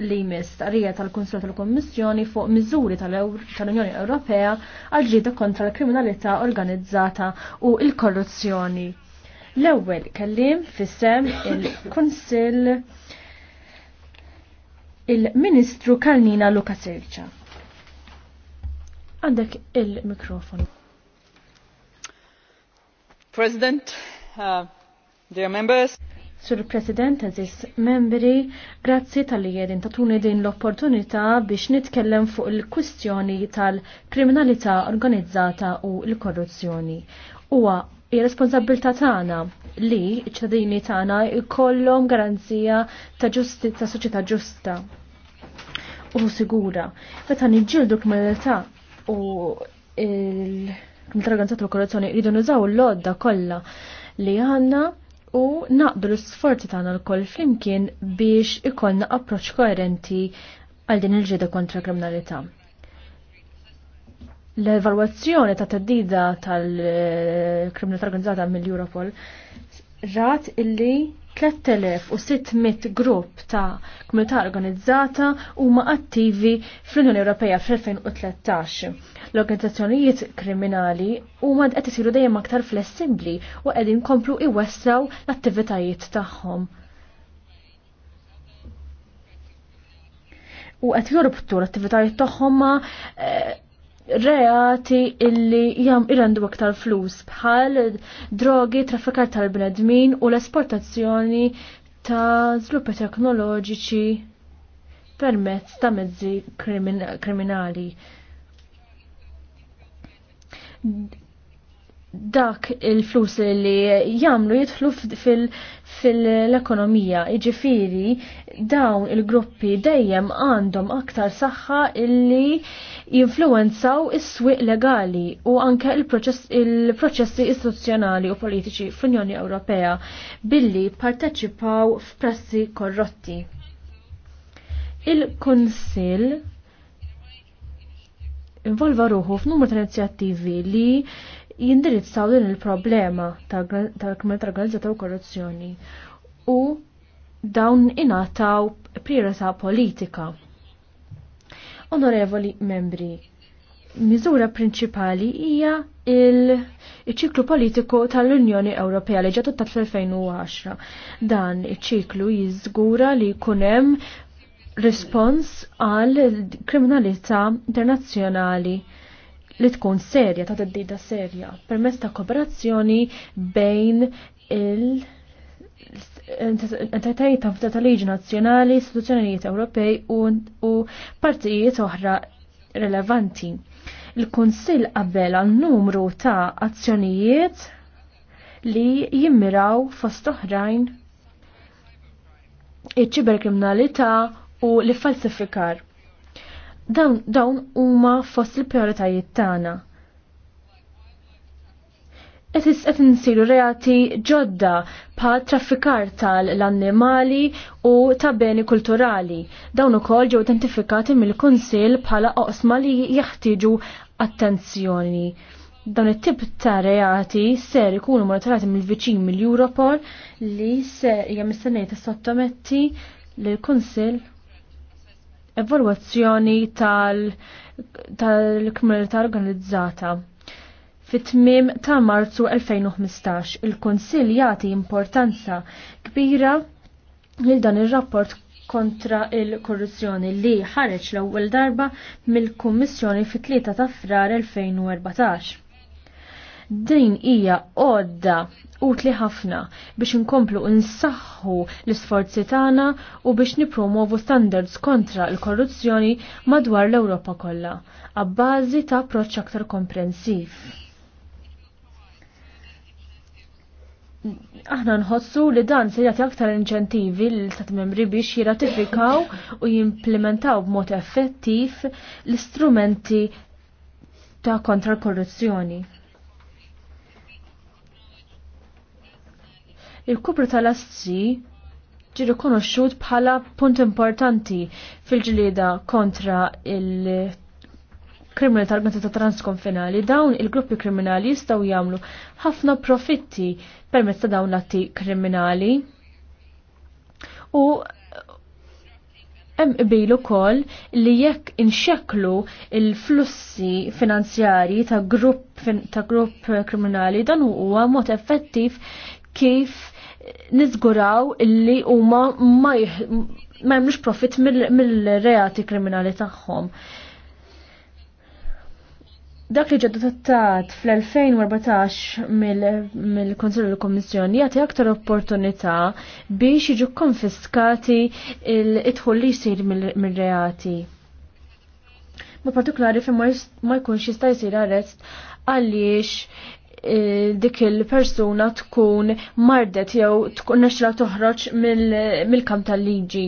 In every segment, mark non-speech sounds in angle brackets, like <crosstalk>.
li mis tarija tal-Konsil tal-Kommissjoni fuq miżuri tal-Unjoni Ewropea għal ġieda kontra l-kriminalità organizzata u l-korruzzjoni. L-ewwel kellim fissem il-Konsil il-Ministru Kalnina Luka Serċa. Għandek il-mikrofon. President, uh, dear members. Sur President, Aziz membri, grazzi tal-li jedin tatuni din l-opportunità biex nitkellem fuq il kustjoni tal-kriminalità organizzata u l-korruzzjoni. Huwa ir-responsabilità tagħna li ċ-ċadini tagħna jkollhom garanzija ta' ġusti ta' soċjetà ġusta u sigura. Meta niġġieldu kriminalità u il-kriminalità organizzata u korruzzjoni jridu nużaw l-lodda kollha li għandna u naqblu s-sforzi tagħna l-koll flimkien biex ikollna approċċ koerenti għal din il-ġeda kontra kriminalità. L-evalwazzjoni ta' teddida tal-kriminalità organizzata mill-Europol rat illi 3600 grupp ta' komunità organizzata huma attivi fl-Unjoni Ewropea fl-2013. L-organizzazzjonijiet kriminali huma qed isiru dejjem aktar flessibbli u qegħdin komplu iwessaw l-attivitajiet tagħhom. U qed jorbtu l-attivitajiet tagħhom ma' eh, reati illi jam irrendu aktar flus bħal drogi, traffikar tal-bnedmin u l-esportazzjoni ta' zluppi teknoloġiċi permezz ta' mezzi kriminali dak il-flus li jamlu jidħlu fil-ekonomija. Iġifiri, dawn il-gruppi dejjem għandhom aktar saħħa illi jinfluenzaw is-swiq legali u anke il-proċessi istituzzjonali u politiċi fl-Unjoni Ewropea billi parteċipaw f'prassi korrotti. Il-Kunsill involva ruħu f'numru ta' inizjattivi li jindirizzaw din il-problema tal-kriminalità organizzataw u korruzzjoni u dawn inataw priorità politika. Onorevoli membri, miżura prinċipali hija il-ċiklu politiku tal-Unjoni Ewropea li ġatu tal-2010. Dan iċ-ċiklu jiżgura li kunem respons għal kriminalità internazzjonali li tkun serja ta' teddida serja permezz ta' kooperazzjoni bejn il- entitajiet ta' ta' liġi nazzjonali, istituzzjonijiet Ewropej u partijiet oħra relevanti. Il-Kunsill qabel għal numru ta' azzjonijiet li jimmiraw fost oħrajn iċ-ċiberkriminalità u li falsifikar dawn, dawn huma fost il-prioritajiet tagħna. Qed insiru reati ġodda bħal traffikar tal-annimali u ta' beni kulturali. Dawn ukoll ġew identifikati mill-Kunsill bħala oqsma li jeħtieġu attenzjoni. Dawn it-tip ta' reati ser ikunu monitorati mill-viċin mill-Europol li se hija mistennejta sottometti lill-Kunsill evalwazzjoni tal-kriminalità tal organizzata. Fit-tmim ta' Marzu 2015, il-Konsil jagħti importanza kbira lil dan ir-rapport kontra il-korruzzjoni li ħareġ l-ewwel darba mill-Kummissjoni fit-3 ta' frar 2014. Din hija għodda utli ħafna biex inkomplu nsaħħu l-isforzi tagħna u biex nipromovu standards kontra l-korruzzjoni madwar l-Ewropa kollha, għabbażi ta' approċċ aktar komprensiv. aħna nħossu li dan se jagħti aktar inċentivi l stat membri biex jiratifikaw u jimplementaw b'mod effettiv l-istrumenti ta' kontra l-korruzzjoni. il kubru tal-assi ġi rikonoxxut bħala punt importanti fil-ġlieda kontra il- kriminali tal-meta transkonfinali, dawn il-gruppi kriminali jistaw jamlu ħafna profitti permezz ta' dawn l-atti kriminali. U hemm qbilu kol li jekk inxeklu il-flussi finanzjari ta' grupp ta' grupp kriminali dan huwa mod effettiv kif nizguraw illi huma ma jemlux profit mill-reati kriminali tagħhom. Dak li ġeddu tattat fl-2014 mill-Konsilju l-Kommissjoni jagħti aktar opportunità biex jiġu konfiskati l-idħol li jsir mill-reati. Ma partikolari fejn ma jkunx jista' jsir arrest għaliex E, dik il-persuna tkun mardet jew tkun nexra toħroġ mill-kam tal-liġi.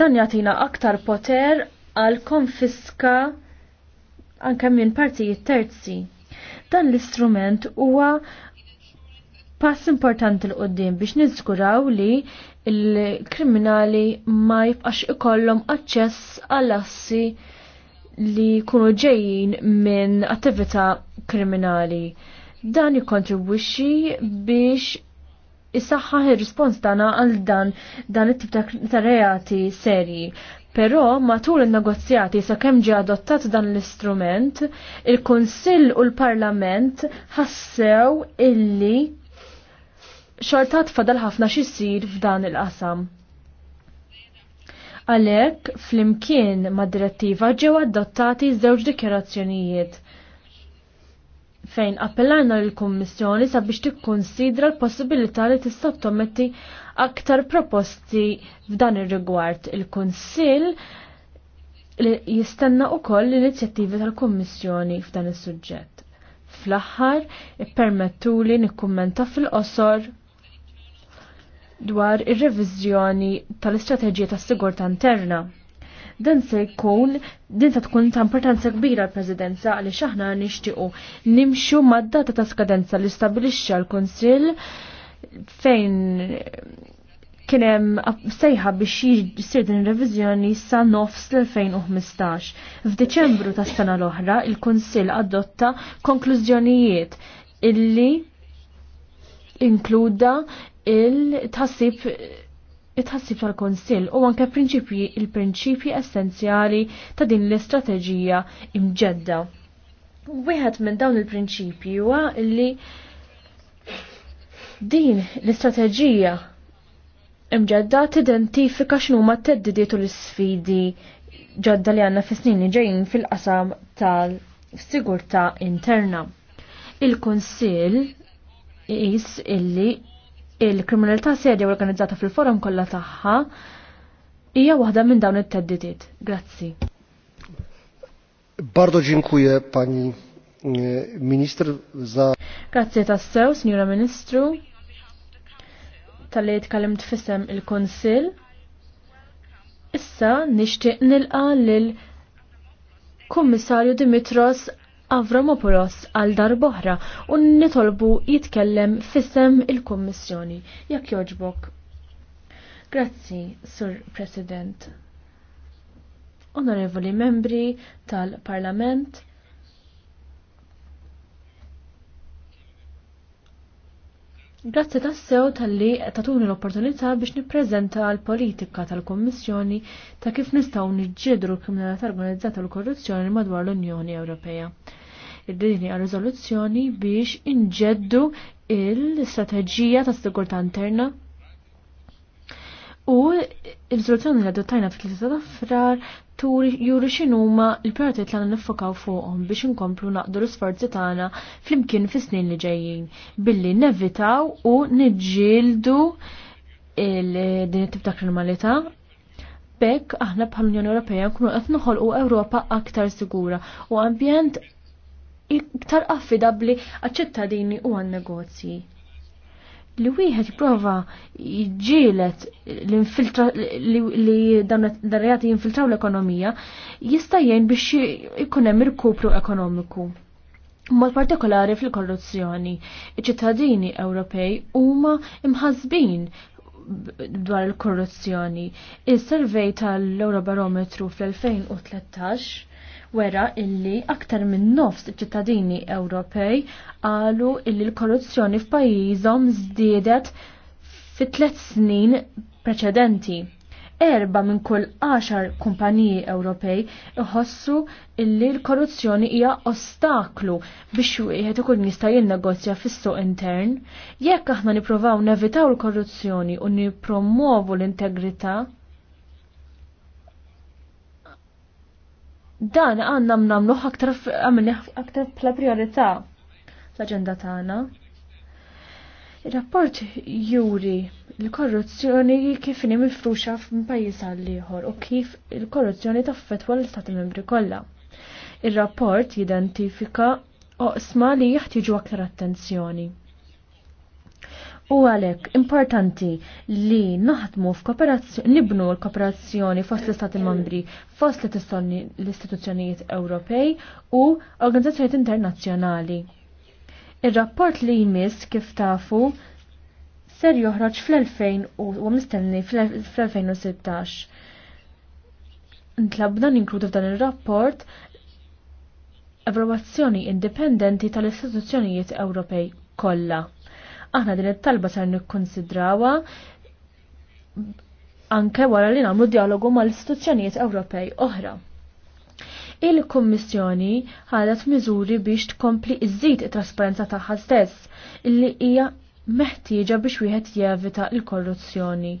Dan jatina aktar poter għal konfiska anke minn partijiet terzi. Dan l-istrument huwa pass importanti l-qoddim biex niżguraw li il-kriminali ma jibqax ikollhom aċċess għall-assi li kunu ġejjin minn attività kriminali. Dan jikontribwixxi biex isaħħaħ ir-rispons tagħna għal dan dan it-tip ta' reati serji. Però matul il-negozjati sa kemm ġie adottat dan l-istrument, il-Kunsill u l-Parlament ħassew illi xortat fadal ħafna xisir f'dan il-qasam. Għalhekk flimkien mad-direttiva ġew adottati żewġ dikjarazzjonijiet fejn appellajna lill-Kummissjoni sabiex tikkonsidra l-possibilità li tista' tommetti aktar proposti f'dan ir-rigward. Il-Kunsill li jistenna wkoll l-inizjattivi tal-Kummissjoni f'dan is-suġġett. Fl-aħħar, ippermettuli nikkummenta fil-qosor dwar ir-reviżjoni tal-istrateġija tas-sigurtà interna. Dan se jkun din se tkun ta' importanza kbira l-Presidenza għaliex aħna nixtiequ nimxu mad-data ta' skadenza li stabilixxa l-Kunsill fejn kien hemm sejħa biex jisir din ir-reviżjoni sa nofs l-2015. F'Diċembru tas-sena l-oħra, il-Kunsill adotta konklużjonijiet illi inkluda il-tħassib it-ħassib tal-Konsil u anke prinċipji il-prinċipji essenzjali ta' din l-istrateġija imġedda. Wieħed minn dawn il-prinċipji huwa li din l-istrateġija imġedda tidentifika x'numa t-teddidiet u l-sfidi ġodda li għandna fis-snin li ġejjin fil-qasam tal-sigurtà interna. Il-Konsil is illi il-kriminalità serja organizzata fil-forum kollha tagħha hija waħda minn dawn it teddidiet Grazzi. Bardo ġinkuje, pani e, Ministru za. Grazzi tassew, signora ministru, tal-li tkallimt fisem il-Konsil. Issa nixtieq nilqa lil Kummissarju Dimitros Avramopoulos għal darboħra u nitolbu jitkellem fissem il-Kommissjoni. Jekk joġbok. Grazzi, Sur President. Onorevoli membri tal-Parlament, Grazzi tassew tal-li tatuni l-opportunità biex niprezenta l-politika tal-Kommissjoni ta' kif nistaw nġidru kriminalità organizzata u l-korruzzjoni madwar l-Unjoni Ewropea il dini għal riżoluzzjoni biex inġeddu il strategija ta' sigurtà interna u il-riżoluzzjoni li adottajna fil 3 ta' frar turi juri x'inhuma l-prioritet li nifokaw fuqhom biex inkomplu naqdu l-isforzi tagħna flimkien fis-snin li ġejjin billi nevitaw u niġġieldu il-din it-tip ta' kriminalità Bekk aħna bħal Unjoni Ewropea nkunu qed noħolqu Ewropa aktar sigura u ambjent iktar affidabli għal ċittadini u għan-negozji. Li wieħed prova jġielet li darjati jinfiltraw l-ekonomija jista' jgħin biex ikun hemm irkupru ekonomiku. Mod partikolari fil-korruzzjoni, iċ-ċittadini Ewropej huma imħazbin dwar il-korruzzjoni. Is-servej tal-Eurobarometru fl-2013 wera illi aktar minn nofs ċittadini Ewropej għalu illi l-korruzzjoni f'pajjiżhom żdiedet fit tliet snin preċedenti. Erba minn kull 10 kumpaniji Ewropej iħossu illi l-korruzzjoni hija ostaklu biex wieħed ikun jista' jinnegozja fis-suq intern. Jekk aħna nippruvaw nevitaw l-korruzzjoni u nippromovu l-integrità, dan għanna mnamlu aktar aktar bla priorità l-agenda tagħna. Il-rapport juri l-korruzzjoni kif inhi mifruxa f'pajjiż għal ieħor u kif il-korruzzjoni taffetwa l-istati membri kollha. Ir-rapport jidentifika oqsma li jeħtieġu aktar attenzjoni. U għalek importanti li naħdmu f'kooperazzjoni, nibnu l-kooperazzjoni fost l-Stati membri, fost l-istituzzjonijiet Ewropej u organizzazzjonijiet internazzjonali. Ir-rapport li jmiss kif tafu ser joħroġ fl-2000 u mistenni fl-2016. Ntlabna ninkludu f'dan ir-rapport evalwazzjoni indipendenti tal-istituzzjonijiet Ewropej kollha. Aħna din it-talba sar nikkonsidrawha anke wara li nagħmlu dialogu mal-istituzzjonijiet Ewropej oħra. Il-Kummissjoni ħadet miżuri biex tkompli iżid it-trasparenza tagħha stess, illi hija meħtieġa biex wieħed jevita l-korruzzjoni.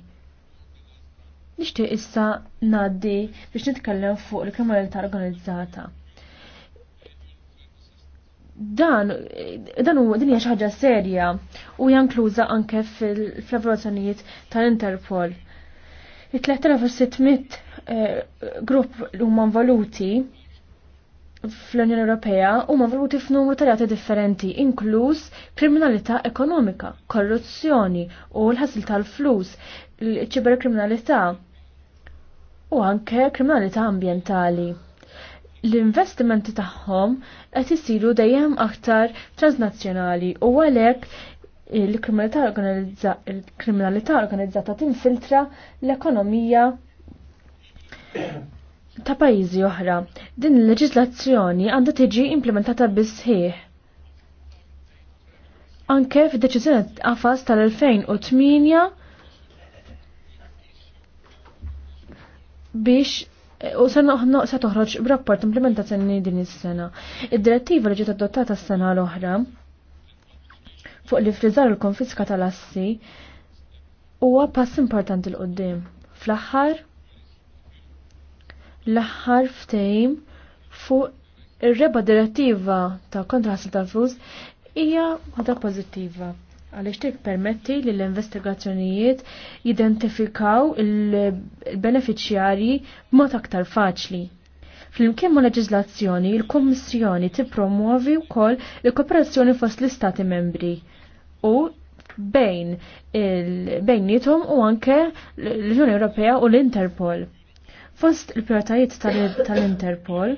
Nixtieq issa ngħaddi biex nitkellem fuq il-kriminalità organizzata dan dan u din hija xi ħaġa serja u jankluza anke fil-flavorazzjonijiet tal-Interpol. Il-3600 eh, grupp huma involuti fl-Unjoni Ewropea huma involuti f'numru ta' differenti, inkluż kriminalità ekonomika, korruzzjoni u l-ħasil tal-flus, l-ċiberkriminalità u anke kriminalità ambjentali l-investimenti tagħhom qed isiru dejjem aktar transnazzjonali u għalhekk il-kriminalità organizzata tinfiltra l-ekonomija ta' pajjiżi oħra. Din il-leġiżlazzjoni għandha tiġi implementata bisħieħ. Anke f'deċiżjoni qafas tal-2008 biex U se toħroġ b'rapport implementazzjoni din is-sena. Id-direttiva li ġiet adottata s-sena l-oħra fuq li frizzar il-konfiska tal-assi huwa pass importanti l-qoddim. Fl-aħħar l-aħħar ftehim fuq ir-reba direttiva ta' kontra tal-flus hija ħadra pożittiva għaliex permetti li l-investigazzjonijiet jidentifikaw il-beneficjarji b'mod aktar faċli. Flimkien ma' leġizlazzjoni, il-Kommissjoni tippromuovi wkoll il-kooperazzjoni fost l-Istati membri u bejn bejnietom u anke l-Unjoni Ewropea u l-Interpol. Fost il-prioritajiet tal-Interpol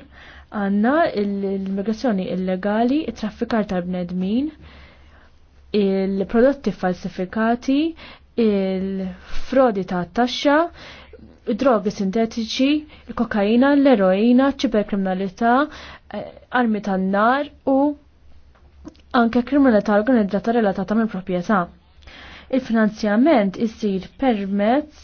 għanna l-immigrazzjoni illegali, it-traffikar tal-bnedmin, il prioritajiet tal interpol għanna l immigrazzjoni illegali il traffikar tal bnedmin il il-prodotti falsifikati, il-frodi ta' taxxa, drogi sintetiċi, il-kokaina, l-eroina, ċiberkriminalità, eh, armi tan-nar u anke kriminalità organizzata relatata mill proprjetà Il-finanzjament isir permezz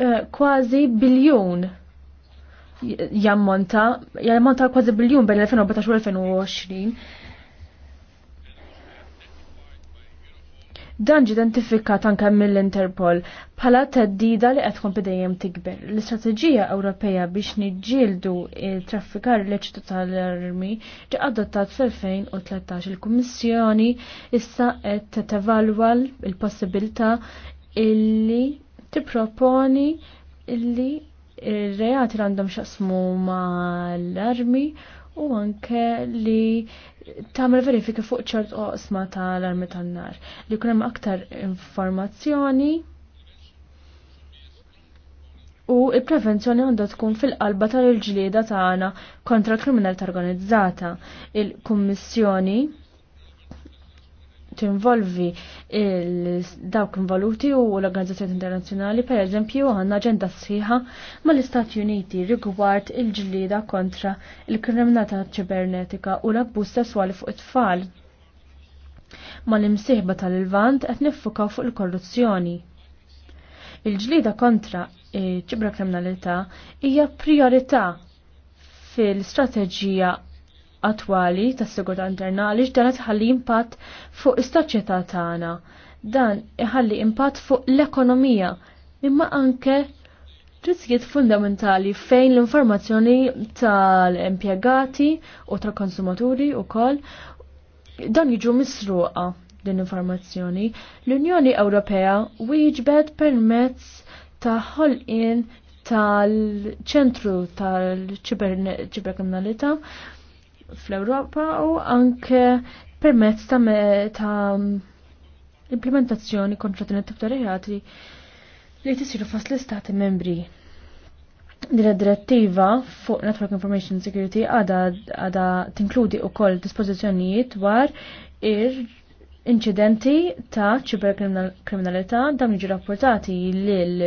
eh, kważi biljun jammonta, jammonta kważi biljun bejn 2014 u 2020. Dan ġi identifikat anke mill-Interpol bħala teddida li qed tkompli dejjem tikber. L-istrateġija Ewropea biex niġġieldu traffikar l-eċitu tal-armi ġi adottat fl-2013 il-Kummissjoni issa qed tevalwa l-possibilità illi tipproponi illi reati għandhom xaqsmu ma l-armi u anke li tagħmel verifika fuq ċert oqsma tal-armi tan-nar li jkun hemm aktar informazzjoni u il-prevenzjoni għandha tkun fil-qalba tal-ġlieda tagħna kontra kriminalità organizzata. Il-Kummissjoni tinvolvi dawk involuti u l-Organizzazzjoni Internazzjonali per eżempju għandna aġenda sħiħa mal-Istati Uniti rigward il-ġlida kontra il kriminata ċibernetika u l-abbuż sesswali fuq it-tfal. Mal-imsieħba tal-Ilvant qed niffuka fuq il-korruzzjoni. Il-ġlida kontra ċibra kriminalità hija priorità fil-strateġija attwali tas-sigurtà internali x'dan tħalli impatt fuq is-soċjetà tagħna. Dan iħalli impatt fuq l-ekonomija imma anke Rizkiet fundamentali fejn l-informazzjoni tal-impjegati u tal-konsumaturi u koll dan jiġu misruqa din informazzjoni. L-Unjoni Ewropea wieġbet permezz ta' ħolqien tal-ċentru tal-ċiberkriminalità fl-Ewropa u anke permezz ta', ta implementazzjoni kontra t it li tisiru fost l-istati membri. Dilla direttiva fuq Network Information Security għada tinkludi u koll dispozizjonijiet dwar ir incidenti ta' ċiberkriminalità li ġi rapportati lil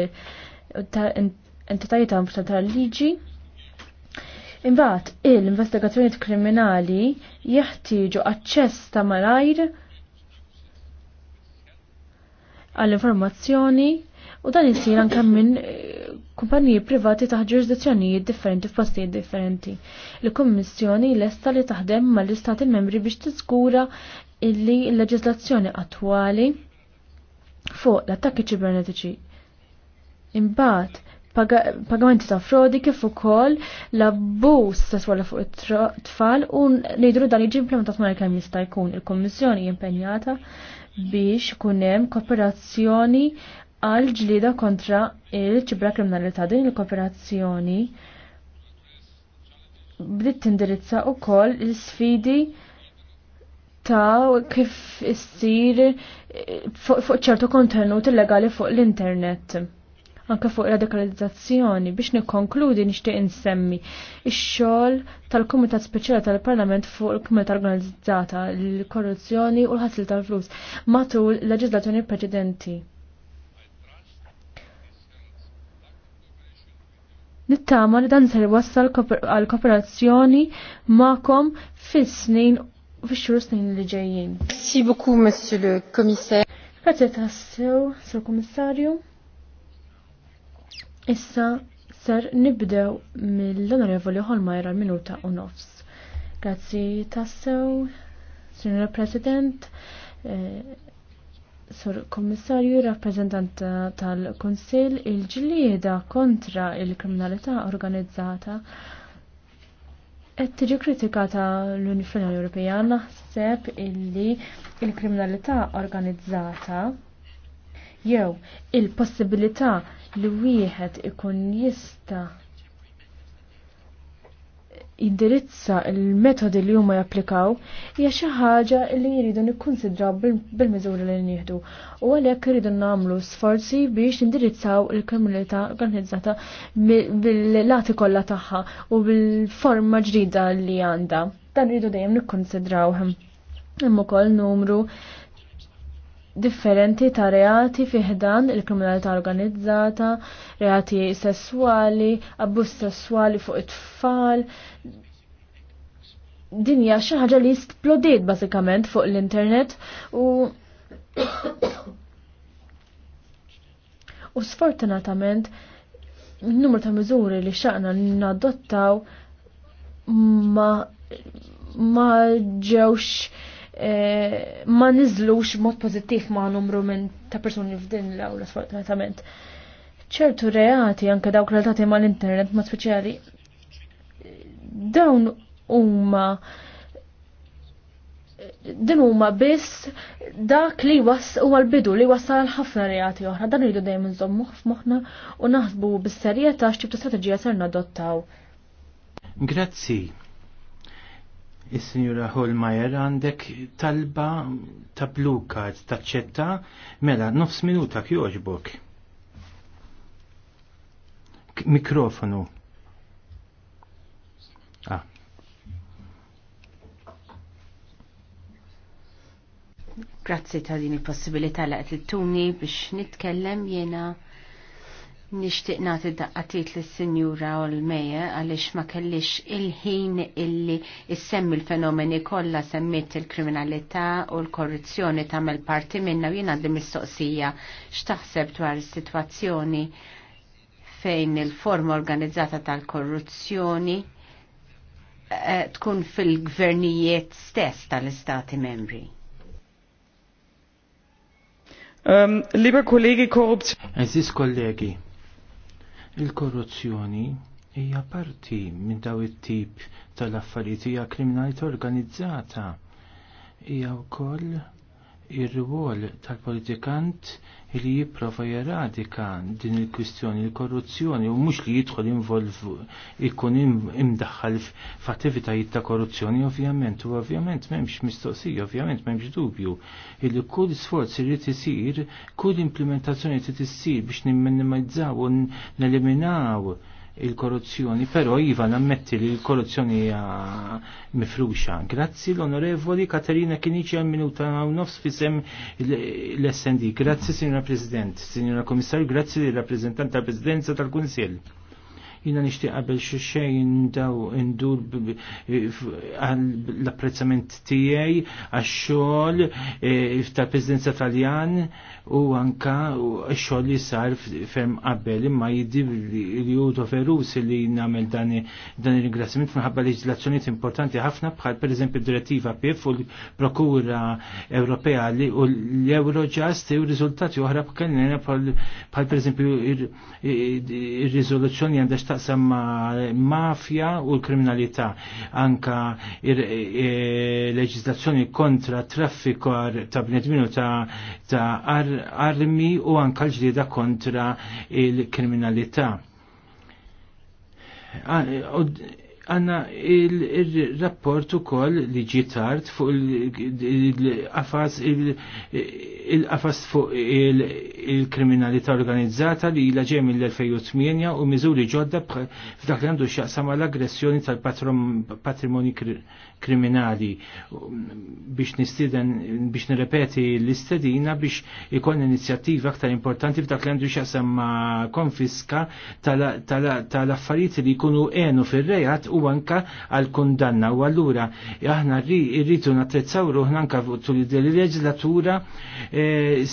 entitajiet ta' liġi Imbagħad il-investigazzjoni kriminali jeħtieġu aċċess ta' malajr għall-informazzjoni u dan isir anke minn eh, kumpaniji privati ta' ġurisdizzjonijiet differenti f'postijiet differenti. Il-Kummissjoni lesta li taħdem mal-Istati membri biex tiżgura illi l-leġislazzjoni attwali fuq l-attakki ċibernetiċi. Imbagħad pagamenti ta' frodi kif ukoll l-abbuż sesswali fuq it-tfal u ngħidru dan jiġi implementat mal kemm jista' jkun il-Kummissjoni impenjata biex kun hemm kooperazzjoni għal ġlida kontra il-ċibra kriminalità din il-kooperazzjoni bdiet tindirizza wkoll l-sfidi ta' kif issir fuq ċertu kontenut illegali fuq l-internet anke fuq radikalizzazzjoni biex nikkonkludi nixtieq insemmi ix-xogħol tal-Kumitat Speċjali tal-Parlament fuq il-Kumitat Organizzata l-Korruzzjoni u l ħassil tal-flus matul leġiżlazzjoni preċedenti. Nittama li dan ser wassal għal kooperazzjoni ma'kom fis-snin fix-xhur snin li ġejjin. Merci beaucoup, Monsieur le Commissaire. Grazie tassew, Sur commissario. Issa ser nibdew mill-Onorevoli Holmajra minuta u nofs. Grazzi tassew, Sr. President, eh, Sur Kommissarju, rappresentant tal-Konsil, il-ġlieda kontra il-kriminalità organizzata qed tiġi kritikata l-Unifjoni Ewropea naħseb illi il-kriminalità organizzata jew il-possibilità li wieħed ikun jista' jindirizza il-metodi li huma japplikaw hija xi ħaġa li jridu nikkunsidraw bil-miżuri li nieħdu u għalhekk irridu nagħmlu sforzi biex nindirizzaw il-kriminalità organizzata bil-lati kollha tagħha u bil-forma ġdida li għandha. Dan irridu dejjem nikkunsidrawhom Hemm ukoll numru differenti ta' reati fiħdan il-kriminalità organizzata, reati sessuali, abbuż sessuali fuq it-tfal. Dinja xi ħaġa li splodiet bażikament fuq l-internet u u sfortunatament n-numru ta' miżuri li xaqna nadottaw ma ma ġewx Eh, ma nizlux mod pozittiv ma numru minn ta' persuni f'din l-awla sfortunatament. ċertu reati anke dawk relatati ma l-internet ma speċjali dawn huma din huma biss dak li was u l-bidu li wasal ħafna reati oħra dan rridu dejjem nżommu f'moħħna u naħsbu bis-serjetà x'tib ta' strateġija ser nadottaw. Grazzi. Is-Sinjura Holmajer għandek talba ta' blue card taċċetta mela nofs minuta kjoġbok. Mikrofonu. Ah. Grazzi ta' din il-possibilità li qed tuni biex nitkellem jena Nishtiq nagħti daqqatit lis sinjura Olmeja għaliex ma kellix il-ħin illi issemmi l-fenomeni kollha semmit il-kriminalità u l-korruzzjoni tagħmel parti minna u jien għandi mistoqsija x'taħseb dwar is-sitwazzjoni fejn il-forma organizzata tal-korruzzjoni eh, tkun fil-gvernijiet stess tal-istati membri. Um, liebe Kollegi Korruption. Es ist Kollegi, Il-korruzzjoni hija parti minn daw it-tip tal-affarijiet hija kriminalità organizzata hija wkoll ir-rwol tal-politikant li jipprova jeradika din il-kwistjoni il-korruzzjoni u mhux li jidħol involvu ikun imdaħħal f'attivitajiet ta' korruzzjoni ovvjament u ovvjament m'hemmx mistoqsija, ovvjament m'hemmx dubju illi kull sforz irid isir, kull implementazzjoni trid issir biex nimminimizzaw u neliminaw il-korruzzjoni, però Iva nammetti li l-korruzzjoni hija mifruxa. Grazzi l-Onorevoli Katerina Kinici għal minuta nofs fisem l-SND. Grazzi, Signora President, Signora Komissar, grazzi l-rappresentant tal-Presidenza tal-Kunsill jina nishtiq qabel xi xejn daw indur l-apprezzament tiegħi għax-xogħol e, tal-Presidenza Taljan u anka x li sar ferm qabel imma jiddi li hu se li nagħmel dan il-ringrazzjament minħabba leġislazzjonijiet importanti ħafna bħal eżempju direttiva PIF u l-Prokura Ewropea li u l-Eurojust u riżultati oħra b'kellna bħal pereżempju ir rizoluzzjoni għandha xtaqsam ma' mafja u l-kriminalità. Anka e, leġislazzjoni kontra traffiku ta' bnedminu ta', ta ar armi u anka l-ġdida kontra il-kriminalità għanna il-rapport u koll li ġitart fuq il-qafas il-qafas fuq il-kriminalità organizzata li la ġej mill-2008 u miżuri ġodda f'dak li għandu xaqsam għal aggressjoni tal-patrimoni kriminali biex nistiden biex nirrepeti l-istedina biex ikon inizjattiva aktar importanti f'dak li għandu xasem ma' konfiska tal-affarijiet li jkunu enu fil-rejat u anka għal-kundanna u għallura aħna rritu natrezzaw ruħna anka tul il-leġlatura eh,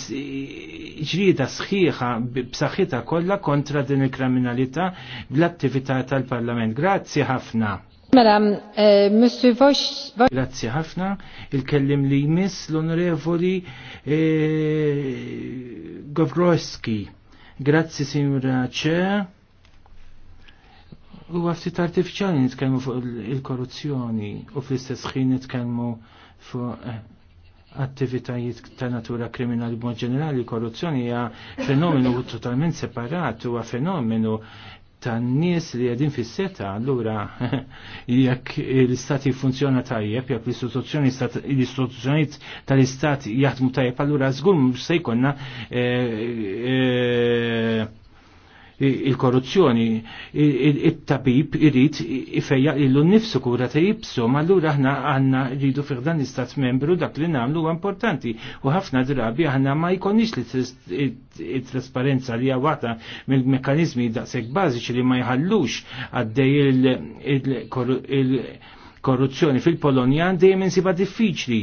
ġrida sħiħa b'saħħitha kollha kontra din il-kriminalità bl-attività tal-Parlament. Grazzi ħafna. Mela, eh, Mr. Grazie ħafna, il-kellim li jmiss l-onorevoli eh, Gavroski. Grazzi, signora Cè. U għaftit artificiali nitkellmu fuq il-korruzzjoni u fl-istess ħin nitkellmu fuq eh, attivitajiet ta' natura kriminali b'mod ġenerali, korruzzjoni hija fenomenu totalment separat, huwa fenomenu tan-nies li qegħdin fis-seta, allura <laughs> jekk l istati jiffunzjona tajjeb, jekk l-istituzzjonijiet tal-istat jaħdmu tajjeb, allura żgur se jkollna eh, eh, il-korruzzjoni, il-tabib irrit ifejja illu nifsu kura ta' jibsu, ma allura aħna għanna rridu fiħdan dan istat membru dak li namlu huwa importanti u ħafna drabi għanna ma jkonix li trasparenza li għawata mill-mekanizmi daqseg bażiċi li ma jħallux għaddej il korruzzjoni fil-Polonja dejjem insibha diffiċli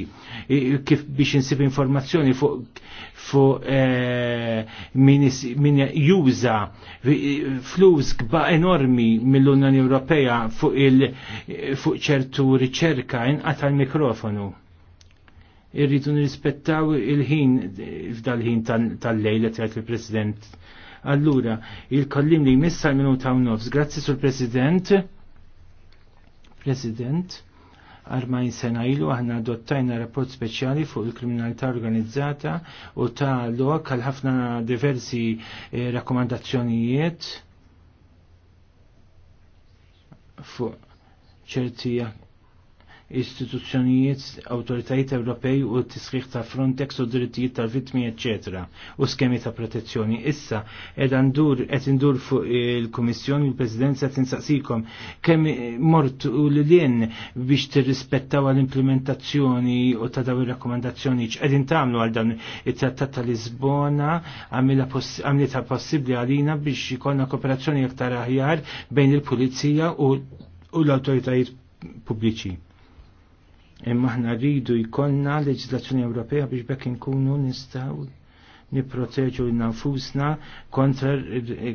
kif biex insib informazzjoni fuq fu, eh, min juża flus kba enormi mill-Unjoni Ewropea fuq fu ċertu riċerka inqata' tal mikrofonu Irridu nirrispettaw il-ħin f'dal-ħin tal-lejl tal il-President. Allura, il-kollim li jmissa minuta u nofs. Grazzi sul President. President, Armajn sena ilu aħna adottajna rapport speċjali fuq il-kriminalità organizzata u ta' lok għal ħafna diversi eh, rakkomandazzjonijiet fuq ċerti istituzzjonijiet, autoritajiet Ewropej u t-tisħiħ ta' Frontex u drittijiet tal-vittmi, etc. u skemi ta' protezzjoni. Issa, ed ndur ed indur fuq il-Kummissjoni il l-Presidenza tinsaqsikom kemm mort u l-lien biex tirrispettaw għal implementazzjoni u ta' daw il-rakkomandazzjoni ed intamlu għal dan it-trattat ta' Lisbona għamlita possibli għalina biex jikonna kooperazzjoni iktar aħjar bejn il-Pulizija u l-autoritajiet pubbliċi imma aħna rridu jkollna leġislazzjoni Ewropea biex bekk inkunu nistgħu nipproteġu nafusna kontra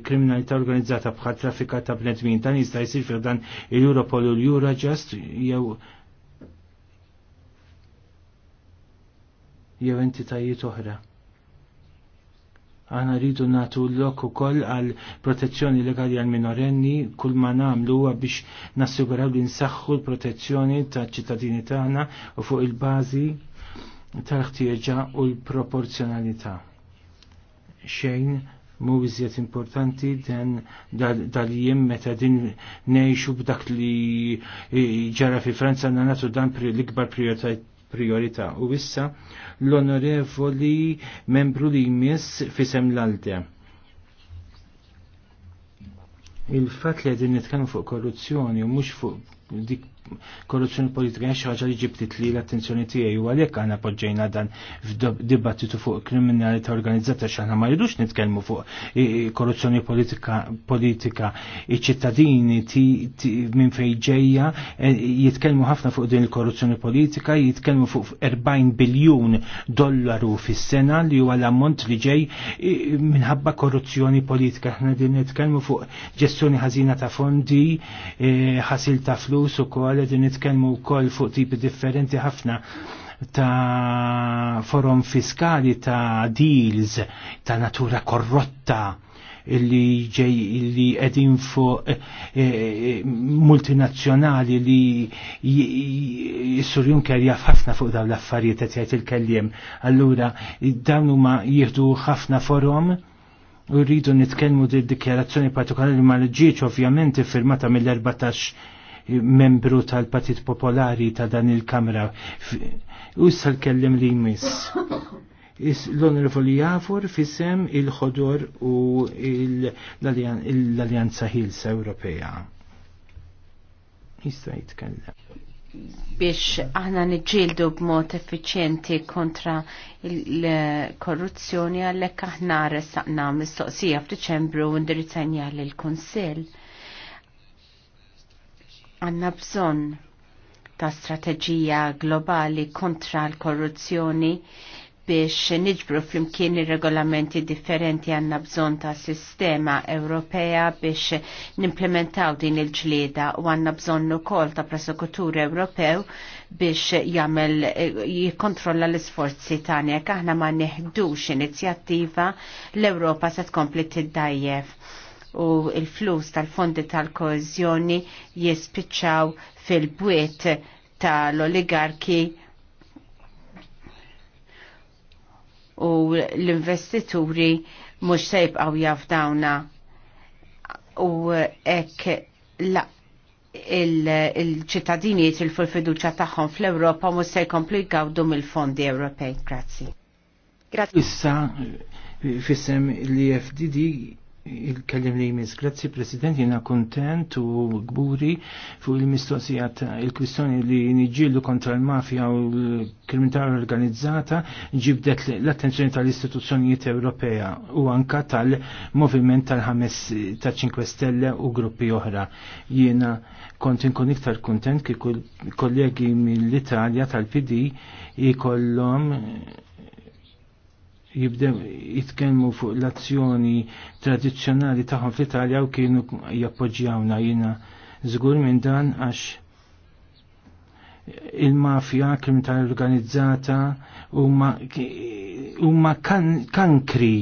kriminalità organizzata bħal traffika ta' bnedmin. Dan jista' jsir fil dan il-Europol u l-Eurojust jew jew entitajiet oħra għana rridu natu l-lok u koll għal protezzjoni legali għal minorenni kull ma namlu biex nassiguraw li nsaxħu l-protezzjoni ta' ċittadini tagħna u fuq il-bazi tal-ħtieġa u l-proporzjonalità. Xejn mu iżjed importanti den dal jem meta din nejxu b'dak li ġara fi Franza nagħtu dan l-ikbar prioritajt priorità u issa l-onorevoli membru li jmiss fisem l-alte. Il-fat li għedin nitkanu fuq korruzzjoni u mux fuq dik korruzzjoni politika hija xi ħaġa li ġibtit li l-attenzjoni tiegħi u għalhekk aħna poġġejna dan f'dibattitu fuq kriminalità organizzata x'aħna ma jridux nitkellmu fuq korruzzjoni politika politika iċ-ċittadini minn fejn ġejja e, jitkellmu ħafna fuq din il-korruzzjoni politika, jitkellmu fuq 40 biljun dollaru fis-sena li huwa l-ammont li ġej minħabba korruzzjoni politika. Aħna din nitkellmu fuq ġestjoni ħażina ta' fondi, e, ħasil ta' flus ukoll ukoll nitkellmu wkoll fuq tipi differenti ħafna ta' forum fiskali ta' deals ta' natura korrotta illi ġej illi edin fuq eh, eh, eh, multinazzjonali li Sur Juncker jaf ħafna fuq dawn l-affarijiet qed jgħid il-kelliem. Allura dawn huma jieħdu ħafna forum u rridu nitkellmu dil dikjarazzjoni partikolari ma l-ġieċ ovvjament iffirmata mill-14 membru tal-Partit Popolari ta' dan il-Kamra. U issa l-kellim li jmiss. L-Onorevoli Jafur fisem il ħodur u l-Alleanza Hilsa Ewropea. Jista' jitkellem biex aħna nġildu b'mod effiċjenti kontra l-korruzzjoni għallek aħna ressaqna mistoqsija f'Diċembru ndirizzajnja l-Konsil Għanna bżon ta' strateġija globali kontra l-korruzzjoni biex niġbru flimkien ir-regolamenti differenti għanna bżon ta' sistema Ewropea biex nimplementaw din il-ġlieda u għanna bżon ukoll ta' prosekutur Ewropew biex jagħmel jikkontrolla l-isforzi tagħna jekk aħna ma neħdux inizjattiva l-Ewropa se tkompli tiddajjef u il-flus tal-fondi tal-koezjoni jispiċċaw fil-bwiet tal-oligarki u l-investituri mux għaw jafdawna u ek la il-ċittadini il fil-fiduċa tagħhom fl-Ewropa mhux se jkomplu jgawdu mill-fondi Ewropej. Grazzi. Grazie. Issa eh, fissem l-IFDD il-kellim li jmiss. Grazzi President, jina kontent u gburi fuq il-mistoqsija il-kwistjoni li nġillu kontra l-mafja u l-kriminalità organizzata ġibdet l-attenzjoni tal-istituzzjonijiet Ewropea u anka tal-moviment tal-ħames ta' 5 Stelle u gruppi oħra. Jiena kont inkun iktar kontent kif kollegi mill-Italja tal-PD ikollhom jibdew jitkellmu fuq l-azzjoni tradizzjonali tagħhom fl-Italja u kienu jappoġġjawna jiena żgur minn dan għax il-mafja kriminalità organizzata huma kankri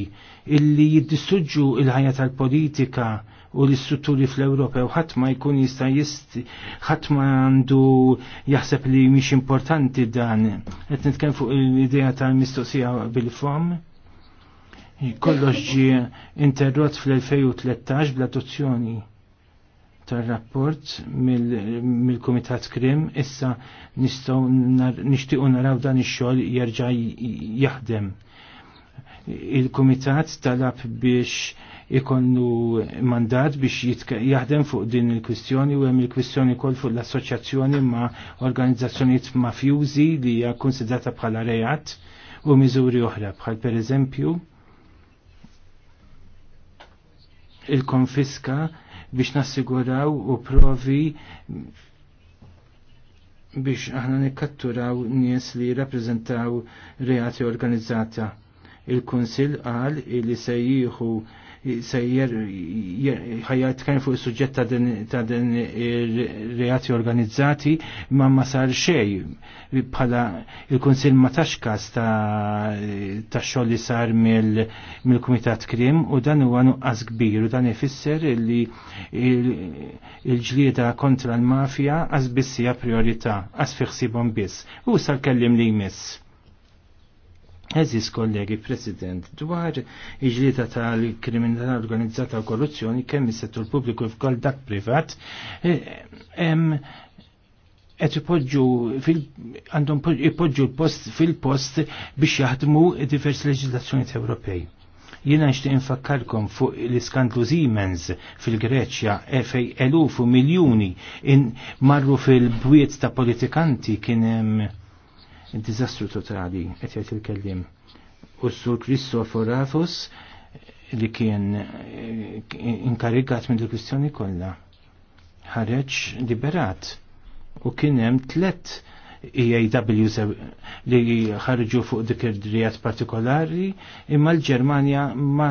illi jiddistruġġu il-ħajja tal-politika u l-istrutturi fl-Ewropa u ħadd ma jkun jista' jist ħadd ma għandu jaħseb li mhix importanti dan. Qed nitkellem fuq l-idea tal-mistoqsija bil-fom kollox ġie interrott fl-2013 bl-adozzjoni tar-rapport mill-Kumitat mil Krim, issa nistgħu nixtiequ naraw dan ix-xogħol jerġa' jaħdem. Il-Kumitat talab biex ikollu mandat biex jaħdem fuq din il-kwistjoni u hemm il-kwistjoni wkoll fuq l-assoċjazzjoni ma' organizzazzjonijiet mafjużi li hija konsidrata bħala rejat u miżuri oħra bħal pereżempju il-konfiska biex nassiguraw u provi biex aħna nikkatturaw nies li rappreżentaw reati organizzata. Il-Kunsil qal li se jieħu sejjer ħajja jitkellem fuq is-suġġett ta' din ir-reati organizzati ma ma sar xejn bħala il-Kunsill ma tax każ ta' xogħol li sar mill-Kumitat Krim u dan huwa nuqqas kbir u dan ifisser li il-ġlieda kontra l-mafja għas hija priorità għas fiħsibhom biss u sal kellim li jmiss Eżis kollegi President, dwar iġlita tal-kriminalità organizzata u korruzzjoni kemm is-settur pubbliku f'kol dak privat, hemm e, qed ipoġġu għandhom ipoġġu l-post fil-post biex jaħdmu divers leġislazzjoni Ewropej. Jiena nixtieq infakkarkom fuq l-iskandlu Siemens fil-Greċja fej eluf u miljuni marru fil-bwiet ta' politikanti kien hemm il-dizastru totali, qed jgħid il-kellim. U s-sur Kristoforafus li kien eh, inkarigat minn il-kwistjoni kollha ħareġ liberat u kien hemm tlett EAWs li ħarġu fuq dik id-drijat partikolari imma l-Ġermanja ma,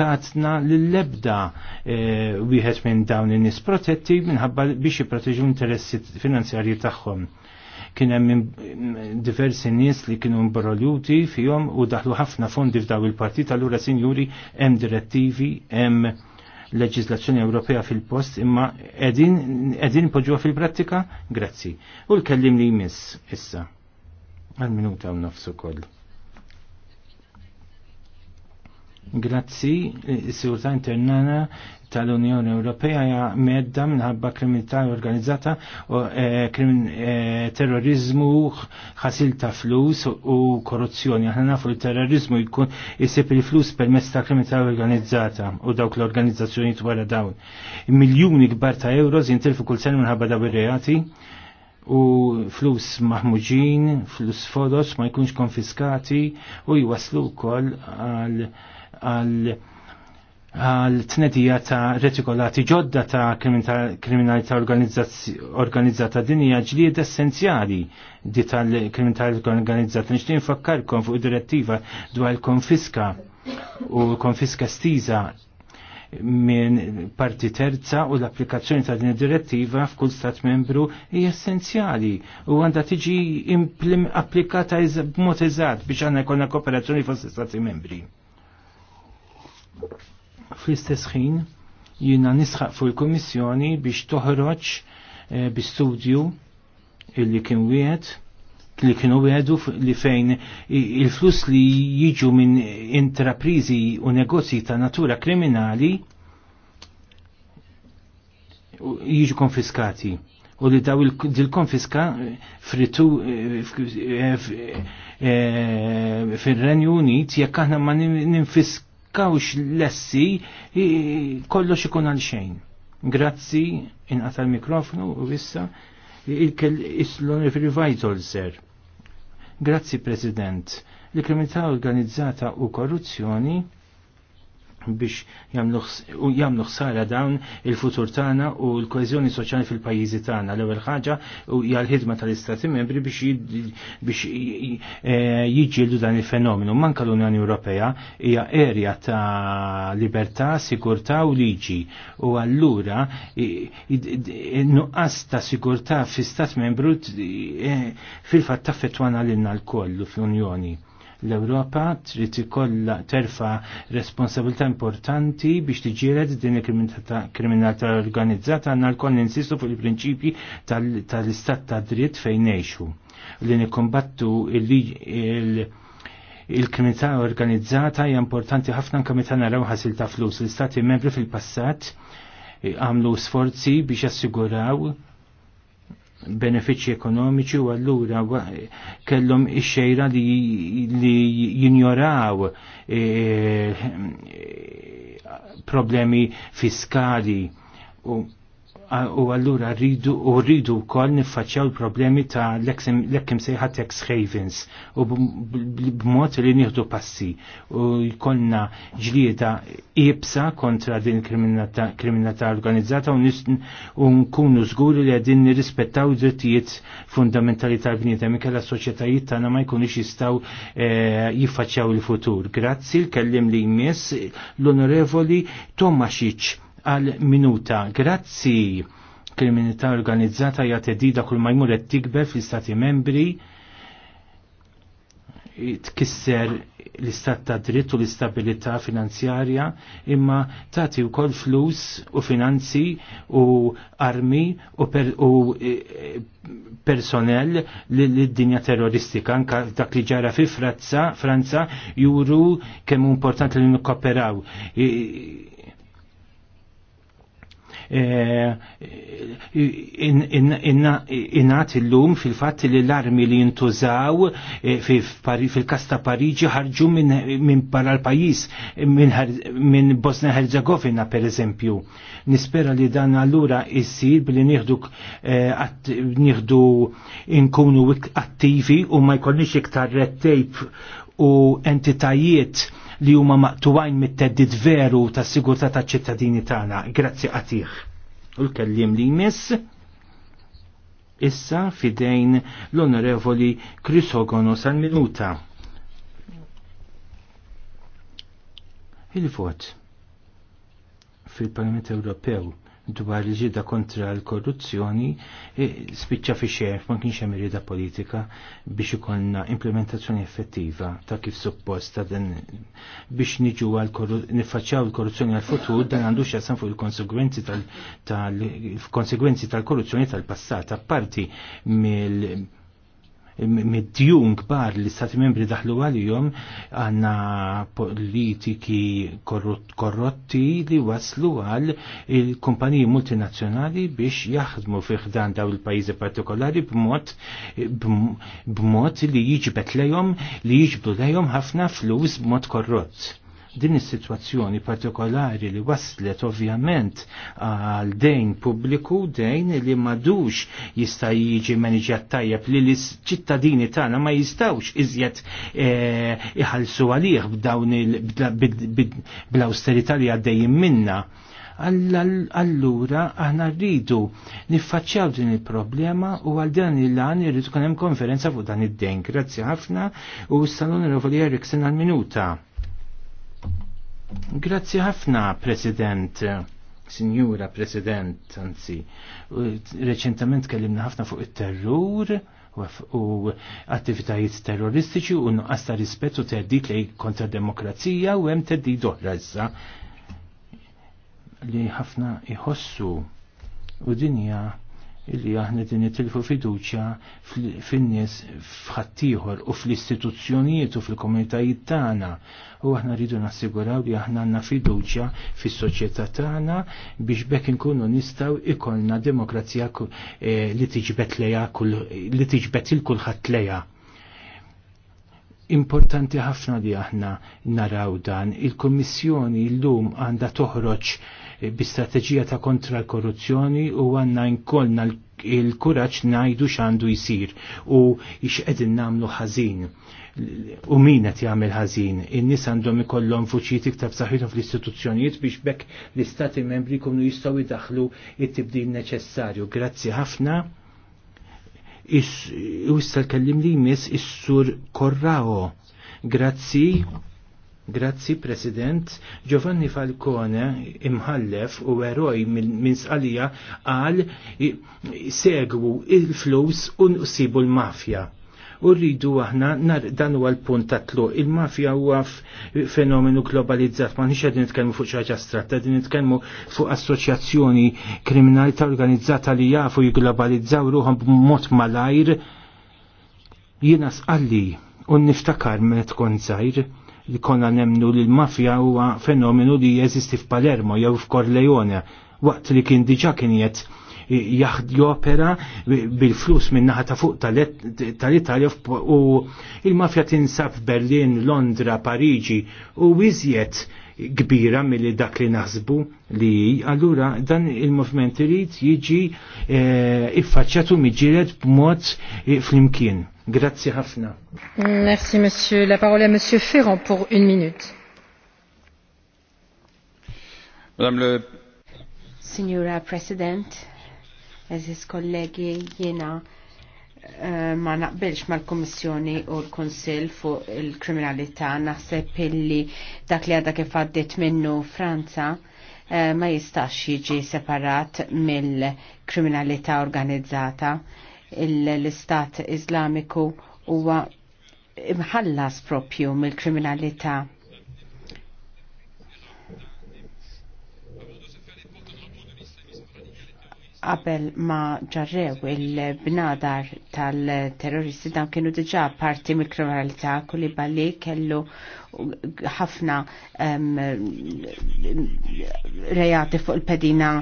tatna l-lebda eh, wieħed minn dawn in-nies protetti minħabba biex jipproteġu interessi finanzjarji tagħhom kien hemm diversi nies li kienu mbroljuti fihom u daħlu ħafna fondi f'daw il-partit, allura sinjuri hemm direttivi, hemm leġislazzjoni Ewropea fil-post imma qegħdin poġġuha fil-prattika? Grazzi. U l-kellim li jmiss issa. Għal minuta u nafsu koll. Grazzi, s-sigurta internana tal-Unjoni Ewropea hija medda minħabba kriminalità organizzata u eh, eh, terrorizmu, ħasil ta' flus u korruzzjoni. Aħna nafu li terrorizmu jkun isib il-flus permezz ta' kriminalità organizzata u dawk l-organizzazzjoni wara dawn. Miljuni kbar ta' euro jintilfu kull sena minħabba daw ir-reati u flus maħmuġin, flus fodos ma jkunx konfiskati u jwaslu wkoll għal għal tnedija ta' retikolati ġodda ta' kriminalità organizzata dinija ġlied essenzjali di tal-kriminalità organizzata. Nixtin fakkarkom fuq direttiva dwar il-konfiska u konfiska stiza minn parti terza u l-applikazzjoni ta' din direttiva f'kull stat membru hija essenzjali u għandha tiġi applikata b'mod eżatt biex għandna jkollna kooperazzjoni fost stati membri fl-istess ħin jiena nisħaq fuq il-Kummissjoni biex toħroġ e, eh, bi studju illi kien wieħed li kienu għedu li fejn il-flus li jiġu minn intraprizi u negozji ta' natura kriminali jiġu konfiskati u li daw il-konfiska fritu eh, eh, fil-Renju Unit jekk aħna ma ninfisk l lessi kollox ikun għal xejn. Grazzi, inqata l-mikrofonu u vissa, il-kell islon revival ser. Grazzi, President. L-kriminalità organizzata u korruzzjoni biex jamlu ħsara dawn il-futur tagħna u l koezjoni soċjali fil-pajjiżi tagħna. L-ewwel ħaġa hija l-ħidma tal-Istati Membri biex e, jiġġieldu dan il-fenomenu. Manka l-Unjoni Ewropea hija erja ta' libertà, sigurtà u liġi. U allura e, e, nuqqas ta' sigurtà fi Stat Membru fil-fatt taffettwana lilna l-kollu fl-Unjoni L-Ewropa trid ikollha terfa responsabilità importanti biex tiġieled din il-kriminalità organizzata għandna lkoll insistu fuq il-prinċipji tal-istat ta' dritt fejn ngħixu. Li nikkombattu il- il-kriminalità organizzata hija importanti ħafna anke meta naraw ħasil ta' flus. L-istati membri fil-passat għamlu sforzi biex assiguraw benefiċċji ekonomiċi u allura kellhom ix-xejra li, li jinjoraw e, e problemi fiskali u u allura rridu u rridu wkoll niffaċċjaw il-problemi ta' l-ekkim sejħa tax havens u b'mod li nieħdu passi u jkollna ġlieda ibsa kontra din kriminalità organizzata u nkunu żguri li qegħdin nirrispettaw drittijiet fundamentali tal-bniedem inkella s-soċjetajiet tagħna ma jkunux jistgħu eh, jiffaċċjaw il-futur. Grazzi l-kellim li jmiss l-Onorevoli Tomasic għal minuta. Grazzi kriminalità organizzata ja teddida kull ma jmur qed tikber fl-istati membri tkisser l-istat ta' dritt u l-istabilità finanzjarja imma tagħti wkoll flus u finanzi u armi u, per, u e, personell l dinja terroristika anka dak li ġara fi Franza, juru kemm importanti li nikkoperaw innat il-lum fil-fatt li l-armi li jintużaw eh, fil kasta Pariġi ħarġu minn barra l-pajis minn Bosnia Herzegovina per eżempju. Nispera li dan allura jissir billi nieħdu eh, nkunu attivi u ma jkollniex iktar red tape u entitajiet li huma maqtuwajn mit-teddit veru ta' sigurtà ta' ċittadini tagħna. Grazzi qatih. U l-kellim li jmiss issa fidejn l-onorevoli Chris Ogono sal-minuta. Il-vot fil-Parlament Ewropew dwar il-ġida kontra l-korruzzjoni e, spiċċa fi xejf ma kienx hemm irida politika biex ikollna implementazzjoni effettiva ta' kif suppost ta' biex niġu nifaċċaw l-korruzzjoni għal futur dan għandu x'jaqsam fuq il-konsegwenzi tal-konsegwenzi tal-korruzzjoni tal-passat apparti mill mid-djun kbar li stati membri daħlu għal-jom għanna politiki korrotti li waslu għal il-kumpaniji multinazzjonali biex jaħdmu fiħdan daw il-pajizi partikolari b'mod li jiġbet lejhom li jiġbdu lejhom ħafna flus b'mod korrott Din is-sitwazzjoni partikolari li waslet ovvjament għal dejn pubbliku, dejn li madux jista' jiġi maniġjat tajjeb li l-ċittadini tagħna ma jistawx iżjed eh, iħallsu għalih b'dawn bl-austerità li għaddejjin minna. Allura aħna rridu niffaċċjaw din il-problema u għal dan il-lan irridu kun hemm konferenza fuq dan id-dejn. Grazzi ħafna u s-salun Rovoli Eriksen għal-minuta. Grazzi ħafna, President. Signora President, anzi, reċentament kellimna ħafna fuq it-terrur u attivitajiet terroristiċi u nuqqas ta' rispettu terdit li kontra demokrazija u hemm teddid oħra issa li ħafna iħossu u dinja illi aħna din nitilfu fiduċja fin-nies fħattijħor u fl-istituzzjonijiet u fil-komunitajiet tagħna u aħna rridu nassiguraw li aħna għandna fiduċja fis-soċjetà tagħna biex bekk inkunu nistgħu ikollna demokrazija eh, li tiġbed lejha li tiġbed il kulħadd lejha. Importanti ħafna li aħna naraw dan. Il-Kummissjoni llum għandha toħroġ bi-strateġija ta' kontra l-korruzzjoni u għanna nkollna il-kuraċ najdu xandu jisir u ix-edin namlu ħażin u min qed jagħmel ħażin. In-nies għandhom ikollhom fuċijiet iktar saħħithom fl-istituzzjonijiet biex bekk l-istati membri jkunu jistgħu jidaħlu it-tibdil neċessarju. Grazzi ħafna. Issa l li jmiss is-sur Korrao. Grazzi. Grazzi President, Giovanni Falcone imħallef u eroj minn sqalija għal segwu il-flus u nsibu l-mafja. U rridu aħna nar dan huwa l-punt ta' tluq. Il-mafja huwa fenomenu globalizzat, ma nix qegħdin nitkellmu fuq xi ħaġa stratta, qegħdin nitkellmu fuq assoċjazzjoni kriminalità organizzata li jafu jigglobalizzaw ruħhom b'mod malajr. Jiena sqalli u niftakar meta tkun żgħir li konna nemnu li l-mafja huwa fenomenu li jeżisti f'Palermo jew f'Corleone. waqt li kien diġa kien jett jaħd jopera bil-flus minnaħa ta' fuq tal-Italja u il-mafja tinsab Berlin, Londra, Pariġi u iżjed kbira mill dak li naħsbu li allura dan il-movement irid jiġi eh, iffaċċjat u miġġieled b'mod eh, flimkien. Grazie ħafna. Merci, monsieur. La parole à monsieur Ferrand pour une minute. Madame le... Signora President, eżis kollegi, jena eh, ma naqbilx mal komissjoni u l-Konsil fuq il-kriminalità naħseb illi dak li għadha kif għaddit minnu Franza eh, ma jistax jiġi separat mill-kriminalità organizzata l-Istat Islamiku huwa imħallas propju mill-kriminalità. qabel ma ġarrew il-bnadar tal-terroristi dan kienu diġa parti mill-kriminalità kulli balli kellu ħafna um, rejati fuq il-pedina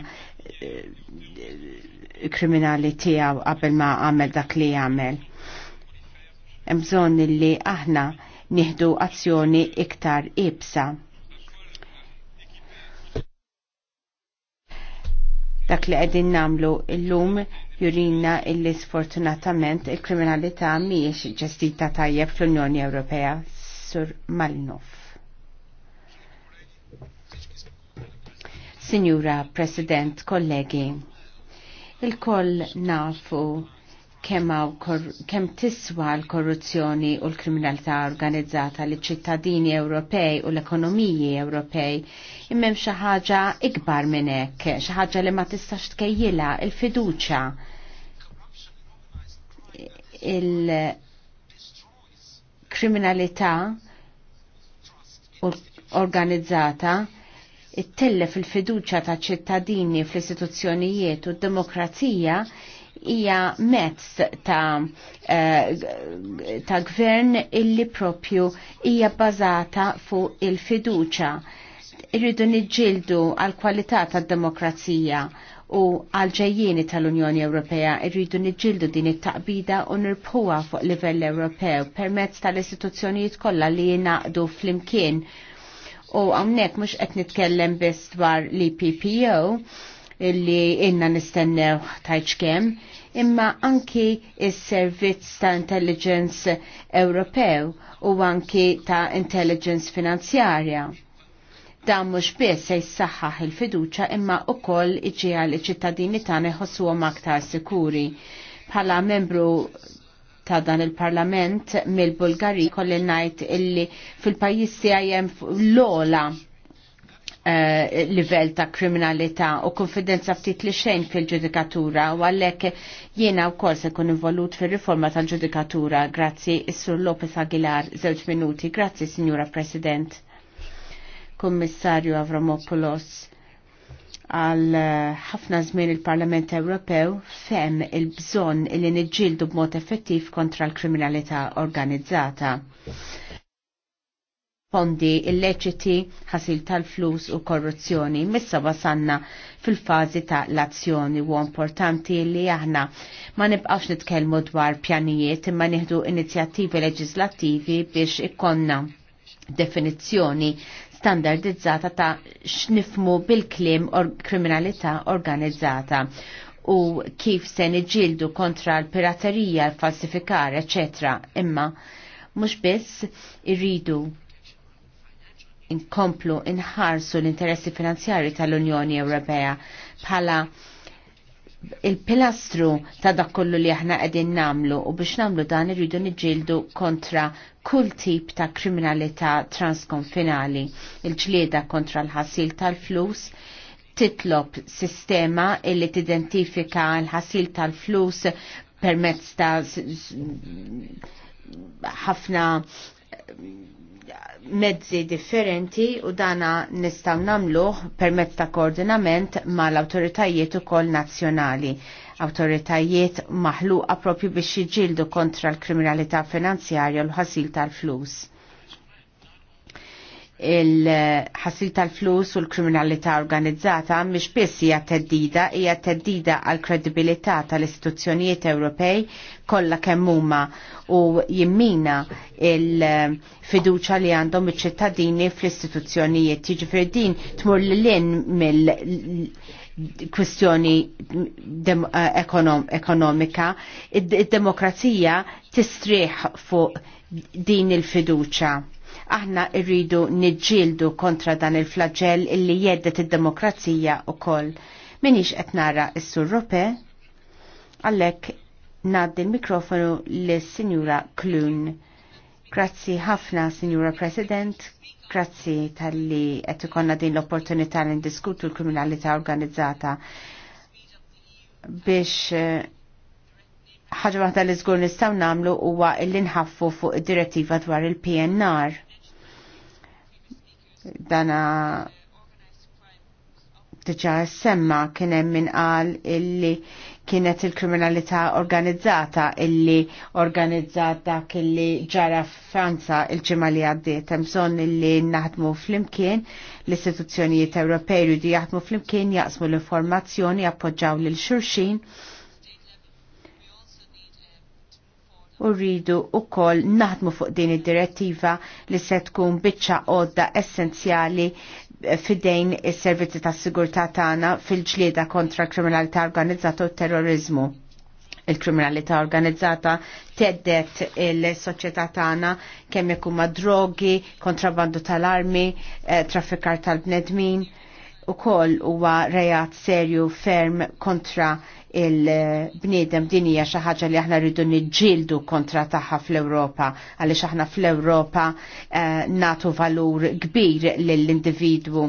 kriminali tiegħu qabel ma għamel dak li jagħmel. Hemm li aħna nieħdu azzjoni iktar ibsa. Dak li qegħdin namlu l-lum jurina illi sfortunatament il-kriminalità mhijiex ġestita tajjeb fl-Unjoni Ewropea sur Malnuf. Signora President, kollegi, il-koll nafu kemm kem tiswa l-korruzzjoni u l-kriminalità organizzata li ċittadini Ewropej u l-ekonomiji Ewropej immem xi ħaġa ikbar minn hekk, xi ħaġa li ma tistax tkejjilha il-fiduċja il-kriminalità organizzata it ittellef il-fiduċa ta' ċittadini fl-istituzzjonijiet u d-demokrazija hija mezz ta' eh, ta' gvern illi propju hija bbażata fuq il-fiduċa. Irridu niġġieldu għal kwalità tad-demokrazija u ġejjieni tal-Unjoni Ewropea irridu niġġildu din it-taqbida u nirbħuha fuq livell Ewropew permezz tal-istituzzjonijiet kollha li jingħaqdu flimkien u għamnek mux qed nitkellem biss dwar l-PPO illi inna nistennew tajċ kem, imma anki il-Servizz ta' Intelligence Ewropew u anki ta' Intelligence Finanzjarja dan mhux biss se jissaħħaħ il-fiduċa imma wkoll iġiha li ċittadini tagħna jħossuhom aktar sikuri. Bħala membru ta' dan il-parlament mill-Bulgari kolli najt illi fil-pajis hemm l-ola uh, eh, livell ta' kriminalità u konfidenza ftit li xejn fil-ġudikatura u għallek jiena u kol se kun involut fil-riforma tal-ġudikatura. Grazzi, Issur Lopez Aguilar, zewġ minuti. Grazzi, Signora President. Kommissarju Avramopoulos għal eh, ħafna żmien il-Parlament Ewropew fem il-bżonn li niġġieldu b'mod effettiv kontra l-kriminalità organizzata. Fondi illeċiti, ħasil tal-flus u korruzzjoni missa wasanna fil-fazi ta' l-azzjoni u importanti li aħna ma nibqax nitkellmu dwar pjanijiet imma nieħdu inizjattivi leġislattivi biex ikonna definizzjoni standardizzata ta' x'nifmu bil-klim or kriminalità organizzata u kif se niġildu kontra l-piraterija, l-falsifikar, etc. Imma mhux biss irridu inkomplu inħarsu l-interessi finanzjari tal-Unjoni Ewropea bħala il-pilastru ta' dak kollu li aħna qegħdin namlu u biex namlu dan irridu niġġieldu kontra kull tip ta' kriminalità transkonfinali. Il-ġlieda kontra l-ħasil tal-flus titlob sistema illi tidentifika l-ħasil tal-flus permezz ta' ħafna mezzi differenti u dana nistaw namluħ permezz ta' koordinament mal-autoritajiet ukoll nazzjonali autoritajiet maħluqa propju biex jiġildu kontra l-kriminalità finanzjarja l-ħasil tal-flus il-ħassil tal-flus u l-kriminalità organizzata mhix biss hija teddida, hija teddida għal kredibilità tal-istituzzjonijiet Ewropej kollha kemm huma u jimmina il-fiduċa li għandhom iċ-ċittadini fl-istituzzjonijiet. Jiġifieri din tmur lilin mill kwistjoni eh, ekonomika, id-demokrazija tistrieħ fuq din il-fiduċa Aħna rridu niġġieldu kontra dan il flagġel illi jeddet id-demokrazija u koll. Minix qed nara s-sur Rope, għallek naddi l-mikrofonu l-Sinjura Klun. Grazzi ħafna, Sinjura President, grazzi tal-li qed ikonna din l-opportunità li ndiskutu l-kriminalità organizzata biex eh, ħaġa waħda li żgur nistgħu nagħmlu huwa l nħaffu fuq id-direttiva dwar il-PNR. Dana diġa semma kienem min qal illi kienet il-kriminalità organizzata illi organizzat dak illi ġara Franza il-ġimma li għaddiet. Hemm bżonn illi naħdmu flimkien l-istituzzjonijiet Ewropej li jaħdmu flimkien jaqsmu l-informazzjoni appoġġaw lil xulxin u rridu u koll naħdmu fuq din id-direttiva li se tkun biċċa għodda essenzjali fidejn is-servizzi tas sigurtà tagħna fil-ġlieda kontra kriminalità organizzata u terrorizmu. Il-kriminalità organizzata teddet il-soċjetà tagħna kemm ikun ma' drogi, kontrabandu tal-armi, eh, traffikar tal-bnedmin u huwa rejat serju ferm kontra il-bniedem din hija xi ħaġa li aħna rridu niġġieldu kontra tagħha fl-Ewropa għaliex aħna fl-Ewropa eh, natu valur kbir lill-individwu.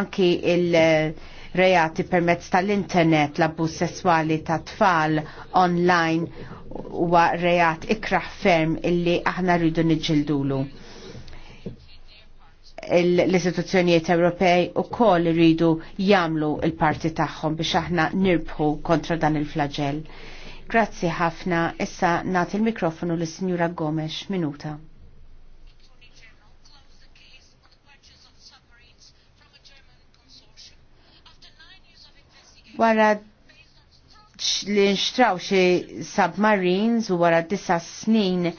Anki il- reati permezz tal-internet, l-abbuż sessuali ta' tfal online huwa reat ikraħ ferm illi aħna rridu niġġildulu l-istituzzjonijiet Ewropej u koll iridu jamlu il-parti tagħhom biex aħna nirbħu kontra dan il-flagell. Grazzi ħafna, issa nagħti l mikrofonu lis-Sinjura Gomes minuta. Wara li nxtraw xi submarines u wara disa snin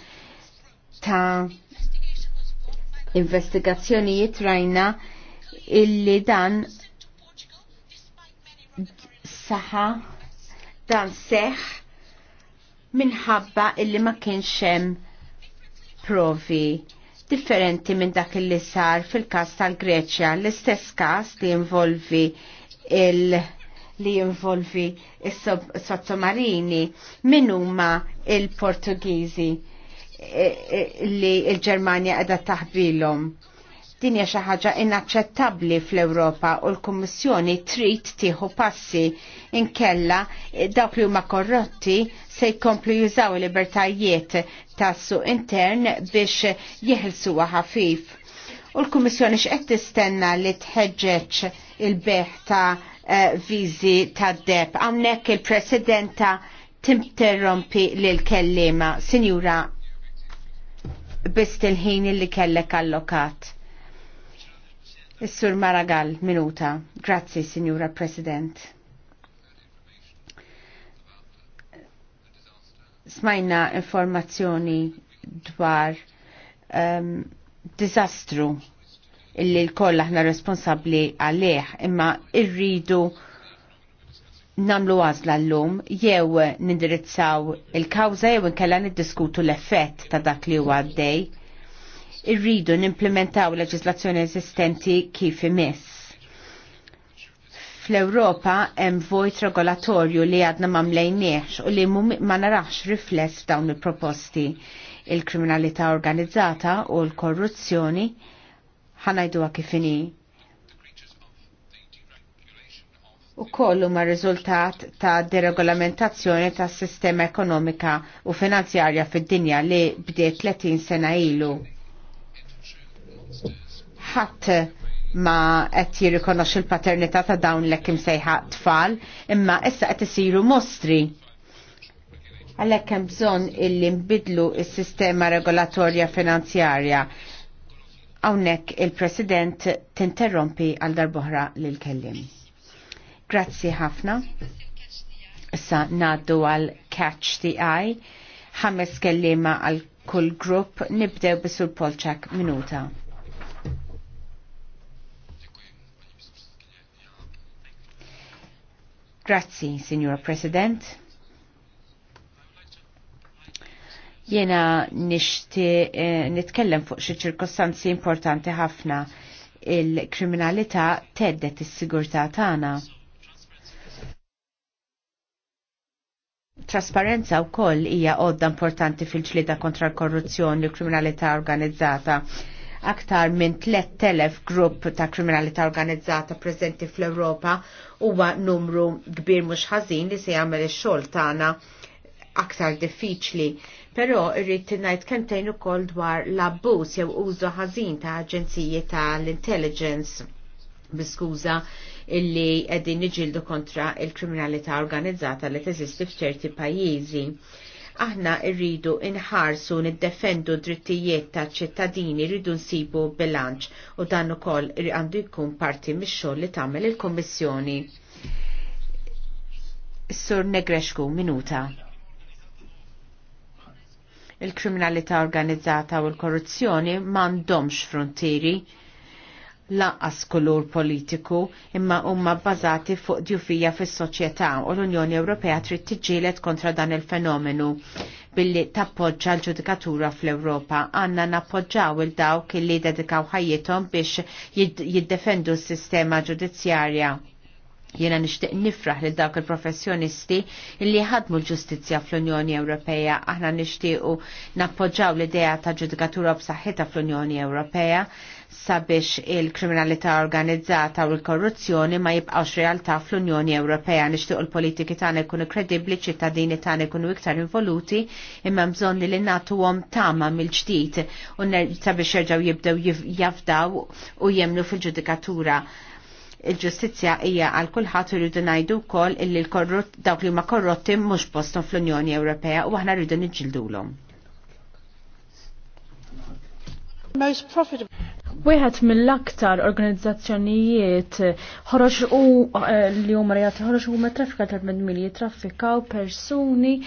ta' investigazzjonijiet rajna illi dan saħa dan seħ minħabba illi ma kienx hemm provi differenti minn dak li sar fil-kas tal-Greċja, l-istess kas li involvi il- li involvi il-sottomarini minn huma il-Portugiżi E, e, li l-Ġermanja qiegħda taħbilhom. Din hija xi ħaġa inaċċettabbli fl-Ewropa u l-Kummissjoni trid tieħu passi inkella dawk li huma korrotti se jkomplu jużaw il-libertajiet tas-suq intern biex jeħilsuha ħafif. U l-Kummissjoni x'qed tistenna li tħeġġeġ il-beħ ta' e, viżi tad deb. għamnek il-Presidenta timterrompi l kellima Sinjura bist il-ħin illi kellek allokat. Is-Sur Maragall, minuta. Grazzi, Signora President. Smajna informazzjoni dwar um, ehm, disastru illi l-koll aħna responsabli għalih, imma irridu namlu għazla l-lum jew nindirizzaw il-kawza jew nkella niddiskutu l-effett ta' dak li huwa għaddej. Irridu nimplementaw leġislazzjoni eżistenti kif imiss. Fl-Ewropa hemm vojt regolatorju li għadna ma mlejniex u li ma narax rifless f'dawn il-proposti. Il-kriminalità organizzata u l-korruzzjoni ħanajduwa kif inhi u kollu ma' rizultat ta' deregolamentazzjoni ta' sistema ekonomika u finanzjarja fid-dinja li bdiet 30 sena ilu. Ħadd ma qed jirrikonoxxi l-paternità ta' dawn l kim sejħa tfal, imma issa qed isiru mostri. Għalhekk hemm bżonn illi nbidlu s-sistema regolatorja finanzjarja. Hawnhekk il-President tinterrompi għal darbohra lil kellim. Grazzi ħafna. Issa naddu għal Catch the Eye. Ħames kellima għal kull grupp nibdew Sur Polċak minuta. Grazzi, Signor President. Jena nishti eh, nitkellem fuq xi ċirkostanzi importanti ħafna il-kriminalità teddet is-sigurtà tagħna. Trasparenza u koll hija odda importanti fil-ġlida kontra l-korruzzjoni u kriminalità organizzata. Aktar minn 3000 grupp ta' kriminalità organizzata preżenti fl-Ewropa huwa numru kbir mhux ħażin li se jagħmel ix-xogħol tagħna aktar diffiċli. Però irrid ngħid kemmtejn ukoll dwar l-abbuż jew użu ħażin ta' aġenziji tal-intelligence biskuża illi qegħdin niġildu kontra il-kriminalità organizzata li teżisti f'ċerti pajjiżi. Aħna rridu inħarsu niddefendu drittijiet ta' ċittadini rridu nsibu bilanċ u dan ukoll għandu jkun parti mix-xogħol li tagħmel il-Kummissjoni. Sur Negresku, minuta il-kriminalità organizzata u l-korruzzjoni m'għandhomx frontieri Laqqas kulur politiku imma huma bbażati fuq djufija fis-soċjetà u l-Unjoni Ewropea trid tiġġieled kontra dan il-fenomenu billi tappoġġa l-ġudikatura fl-Ewropa. Għanna nappoġġaw il-dawk li dedikaw ħajjithom biex jiddefendu s-sistema ġudizzjarja Jena nishtiq nifraħ li dawk il-professjonisti li ħadmu l-ġustizja fl-Unjoni Ewropea. Aħna u nappoġġaw l-idea ta' ġudikatura b'saħħitha fl-Unjoni Ewropea sabiex il-kriminalità organizzata u l-korruzzjoni ma jibqawx realtà fl-Unjoni Ewropea. Nishtiqu l-politiki tagħna jkunu kredibbli, ċittadini tagħna jkunu iktar involuti, imma bżonni li nagħtuhom tama mill-ġdid u sabiex jerġgħu jibdew jafdaw u jemlu fil-ġudikatura il-ġustizja hija għal kulħadd irridu ngħidu wkoll illi l-korrutt dawk li huma korrotti mhux postom fl-Unjoni Ewropea u aħna rridu niġġildulhom. Wieħed mill-aktar organizzazzjonijiet ħroġ u eh, li huma ħroġ huma traffika tal-medmili jitraffikaw persuni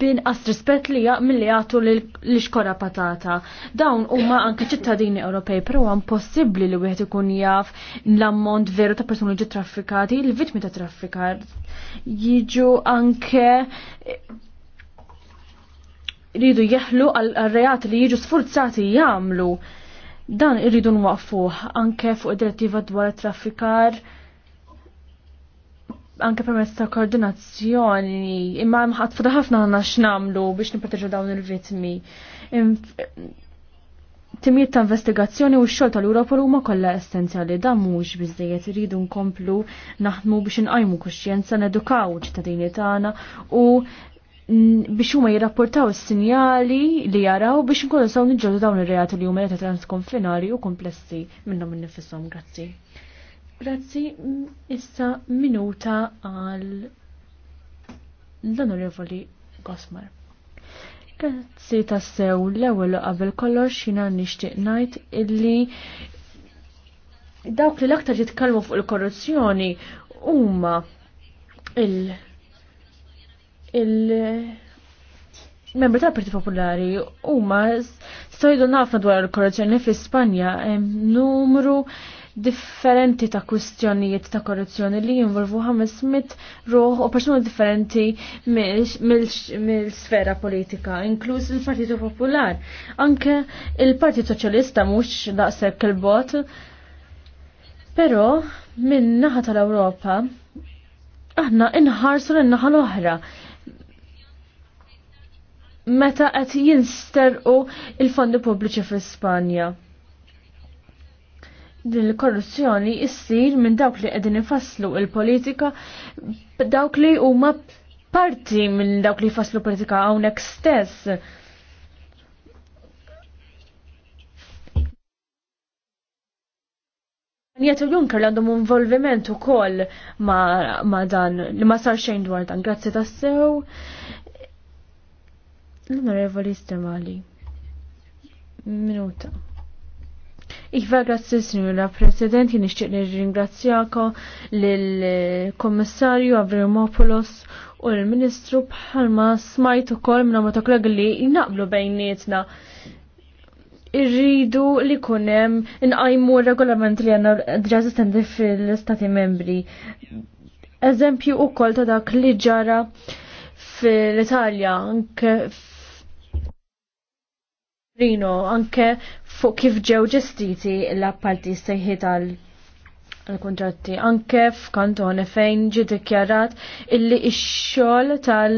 binqas rispett li mill-li għatu l-xkora patata. Dawn huma anke ċittadini Ewropej, però għan possibli li wieħed ikun jaf l-ammont veru ta' persuni ġi traffikati, l vittmi ta' traffikar jiġu anke rridu jeħlu għal-reati li jiġu sforzati jagħmlu. Dan irridu nwaqfuh anke fuq id-direttiva dwar traffikar. traffikar anke permezz ta' koordinazzjoni, imma mħatfu ħafna għanna x'namlu biex nipproteġu dawn il-vitmi. Timijiet ta' investigazzjoni u x-xogħol tal l huma kollha essenzjali da' mhux biżejjed iridu nkomplu naħdmu biex inqajmu kuxjenza nedukaw ċittadini tagħna u biex huma jirrapportaw is-sinjali li jaraw biex nkollu saw niġġordu dawn ir-reati li huma qed transkonfinari u komplessi minnhom innifishom. Grazzi. Grazzi, issa minuta għal l-onorevoli Gosmar. Grazzi tassew l-ewel qabel kollox xina nixtieq ngħid illi dawk li l-aktar jitkalmu fuq il-korruzzjoni huma il- il- membri tal-Parti Popolari huma stojdu nafna dwar il-korruzzjoni fi Spanja numru differenti ta' kwistjonijiet ta' korruzzjoni li jinvolvu 500 ruħ u persuni differenti mill-sfera politika, inkluż il-Partitu Popolar. Anke il-Partit Soċjalista mhux daqshekk il-bot, però min naħa tal-Ewropa aħna inħarsu lin-naħa l-oħra meta qed jinsterqu il-fondi pubbliċi fi Spanja din il-korruzzjoni issir minn dawk li qegħdin ifasslu il-politika dawk li huma parti minn dawk li jfasslu politika hawnhekk stess. Nietu Junker għandhom involviment ukoll ma, ma dan li ma sar xejn dwar dan. Grazzi tassew. L-Onorevoli Stemali. Minuta. Iva, grazzi signora President, jien nixtieq nirringrazzjakom lill-Kommissarju Avrimopoulos u l-Ministru bħalma smajt ukoll minna ma toklek li jnaqblu bejnietna. Irridu li kunem inqajmu regolament li għanna ġazistenti fil-Stati membri. Eżempju u kol ta' dak li ġara fil-Italja, Rino anke fuq kif ġew ġestiti l-appalti sejħiet għal kontratti anke f'kantone fejn ġi dikjarat illi x-xogħol tal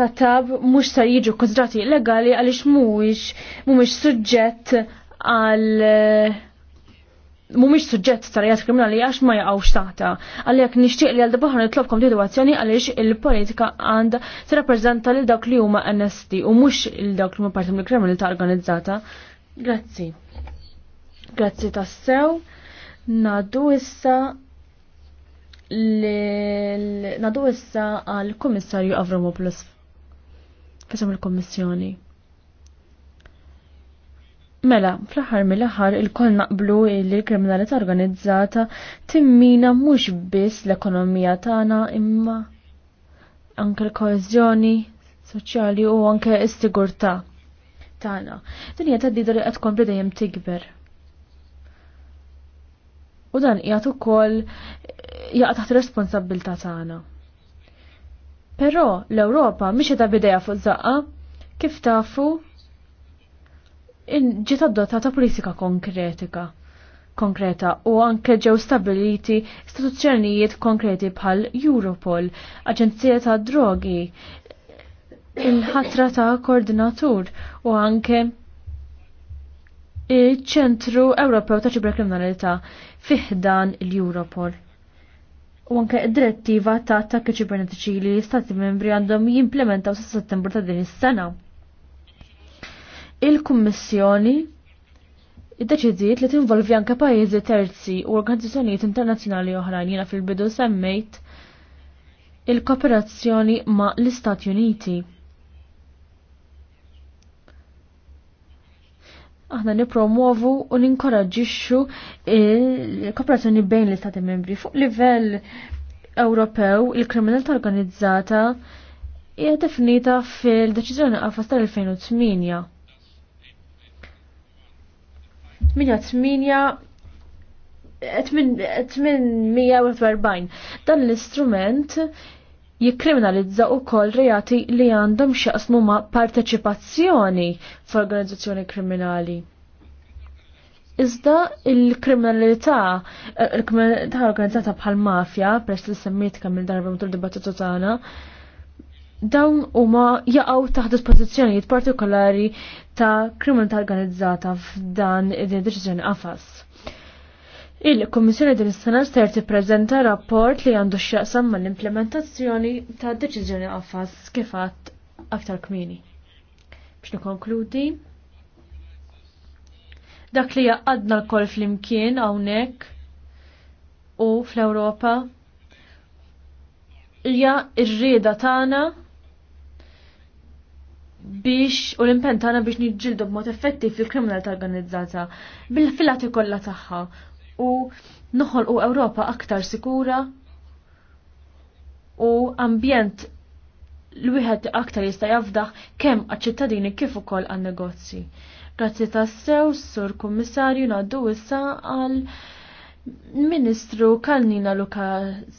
ta' tab mhux se jiġu kontrati illegali għaliex mhuwiex mhumiex suġġett għal mumiex suġġett ta' rejat kriminali għax ma jaqgħux taħta. Għalhekk nixtieq li għal-debaħna nitlobkom tieħdu azzjoni għaliex il-politika għandha tirrappreżenta lil dawk li huma NST u mhux il dawk li huma parti mill ta' organizzata. Grazzi. Grazzi tassew. Nadu issa l nadu issa għal-Kummissarju Avramopoulos. Fesam il komissjoni Mela, fl-aħħar mill-aħħar il-koll naqblu li l-kriminalità organizzata timmina mhux biss l-ekonomija tagħna imma anke l-koeżjoni soċjali u anke s-sigurtà tagħna. Din hija tgħaddi li qed tkompli dejjem tikber. U dan qiegħed ukoll jaqa' taħt responsabbiltà tagħna. Però l-Ewropa mhix qiegħda bidejja fuq żaqqa kif tafu ġiet adottata politika konkretika konkreta u anke ġew stabiliti istituzzjonijiet konkreti bħal Europol, Aġenzija ta' Drogi, il-ħatra ta' koordinatur u anke il-ċentru Ewropew ta' ċiberkriminalità fiħdan l-Europol. U anke id-direttiva ta' attakki ċibernetiċi li l stati membri għandhom jimplementaw sa' settembru ta' din is-sena. Il-Kummissjoni iddeċidiet li tinvolvi anke pajjiżi terzi u organizzazzjonijiet internazzjonali oħrajn jiena fil-bidu semmejt il-kooperazzjoni ma' l-Istati Uniti. Aħna nipromuovu u ninkoraġġixxu il-kooperazzjoni bejn l-Istati Membri fuq livell Ewropew il-kriminalità organizzata hija definita fil-deċiżjoni qafas tal-2008 8 840. Dan l-istrument jikriminalizza u koll reati li għandhom xaqsmu ma' parteċipazzjoni f'organizzazzjoni kriminali. Iżda il-kriminalità, il-kriminalità organizzata bħal mafja, press li semmit kamil darba mutul dibattitu tagħna, dawn huma jaqgħu taħt dispożizzjonijiet partikolari ta' kriminalità organizzata f'dan id deċiżjoni qafas. Il-Kommissjoni din is-sena ser tippreżenta rapport li għandu x'jaqsam mal-implementazzjoni ta' deċiżjoni qafas kif għadd aktar kmini. Biex nikkonkludi, dak li jaqadna l koll fl-imkien hawnhekk u fl-Ewropa hija r-rieda tagħna biex u l-impentana biex nġildu b'mod effettiv fil-kriminalità organizzata bil-filati kollha tagħha u noħolqu Ewropa aktar sikura u ambjent l-wieħed aktar jista' jafdaħ kemm għaċ-ċittadini kif ukoll għan-negozji. Grazzi tassew, sur kummissarju naddu issa għal Ministru Kalnina Luka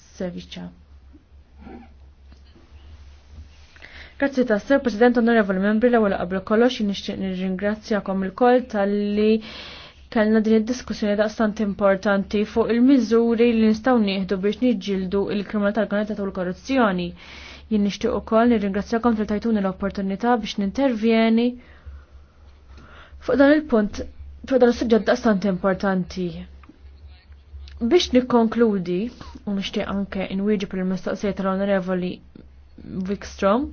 Sevica. Grazzi ta' Sir President Onorevoli Membri l-ewwel qabel kollox nixtieq nirringrazzjakom il-koll tal-li kellna din id-diskussjoni daqstant importanti fuq il-miżuri li nistgħu nieħdu biex niġġieldu il-kriminalità organizzata u l-korruzzjoni. Jien nixtieq ukoll nirringrazzjakom fil tajtuni l-opportunità biex nintervjeni fuq dan il-punt fuq dan is-suġġett daqstant importanti biex nikkonkludi u nixtieq anke inwieġi per il-mistoqsija tal-Onorevoli Wikstrom,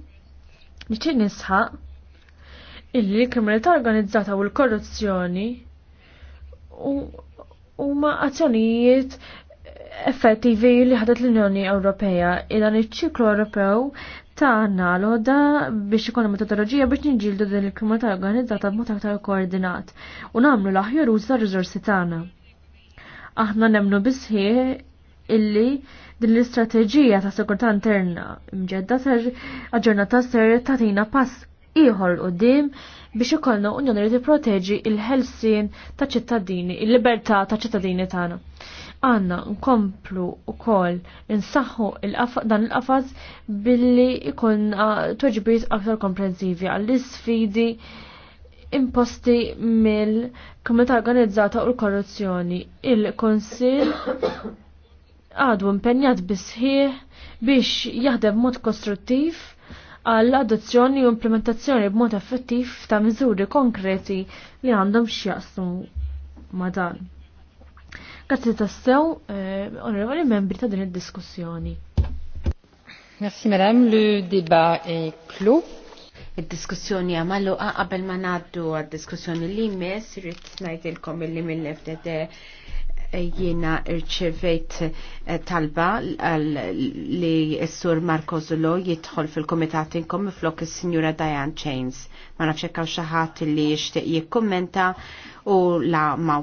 Nixtieq nisħaq illi l-kriminalità organizzata u l-korruzzjoni huma azzjonijiet effettivi li ħadet l-Unjoni Ewropea dan iċ-ċiklu Ewropew ta' l-oda biex ikun metodologija biex nġildu din il-kriminalità organizzata b'mod aktar koordinat u nagħmlu l-aħjar użar tar-riżorsi tagħna. Aħna nemmnu bisħieħ illi din l-istrateġija ta' sekurta' interna mġedda ser aġġornata ser tina pass ieħor dim biex ikollna Unjoni li proteġi il-ħelsien ta' ċittadini, il-libertà ta' ċittadini tagħna. Għanna nkomplu ukoll insaħħu dan il-qafas billi ikun toġbiet aktar komprensivi għall-isfidi imposti mill-Komunità Organizzata u l-Korruzzjoni. Il-Konsil għadu impenjat bisħieħ biex jaħdem mod kostruttiv għall adozzjoni u implementazzjoni b'mod effettiv ta' miżuri konkreti li għandhom x'jaqsmu ma' dan. Grazzi tassew, eh, onorevoli membri ta' din id-diskussjoni. Merci madame, le débat est clos. Id-diskussjoni għamallu qabel ma naddu għad-diskussjoni li jmiss, rrit najdilkom illi mill-FDD jiena irċevejt eh, talba li s-sur Marco Zulo jidħol fil-komitat inkom flok il-Signora Diane Chains. Ma nafxekaw xaħat li jishtiq jikkommenta u la ma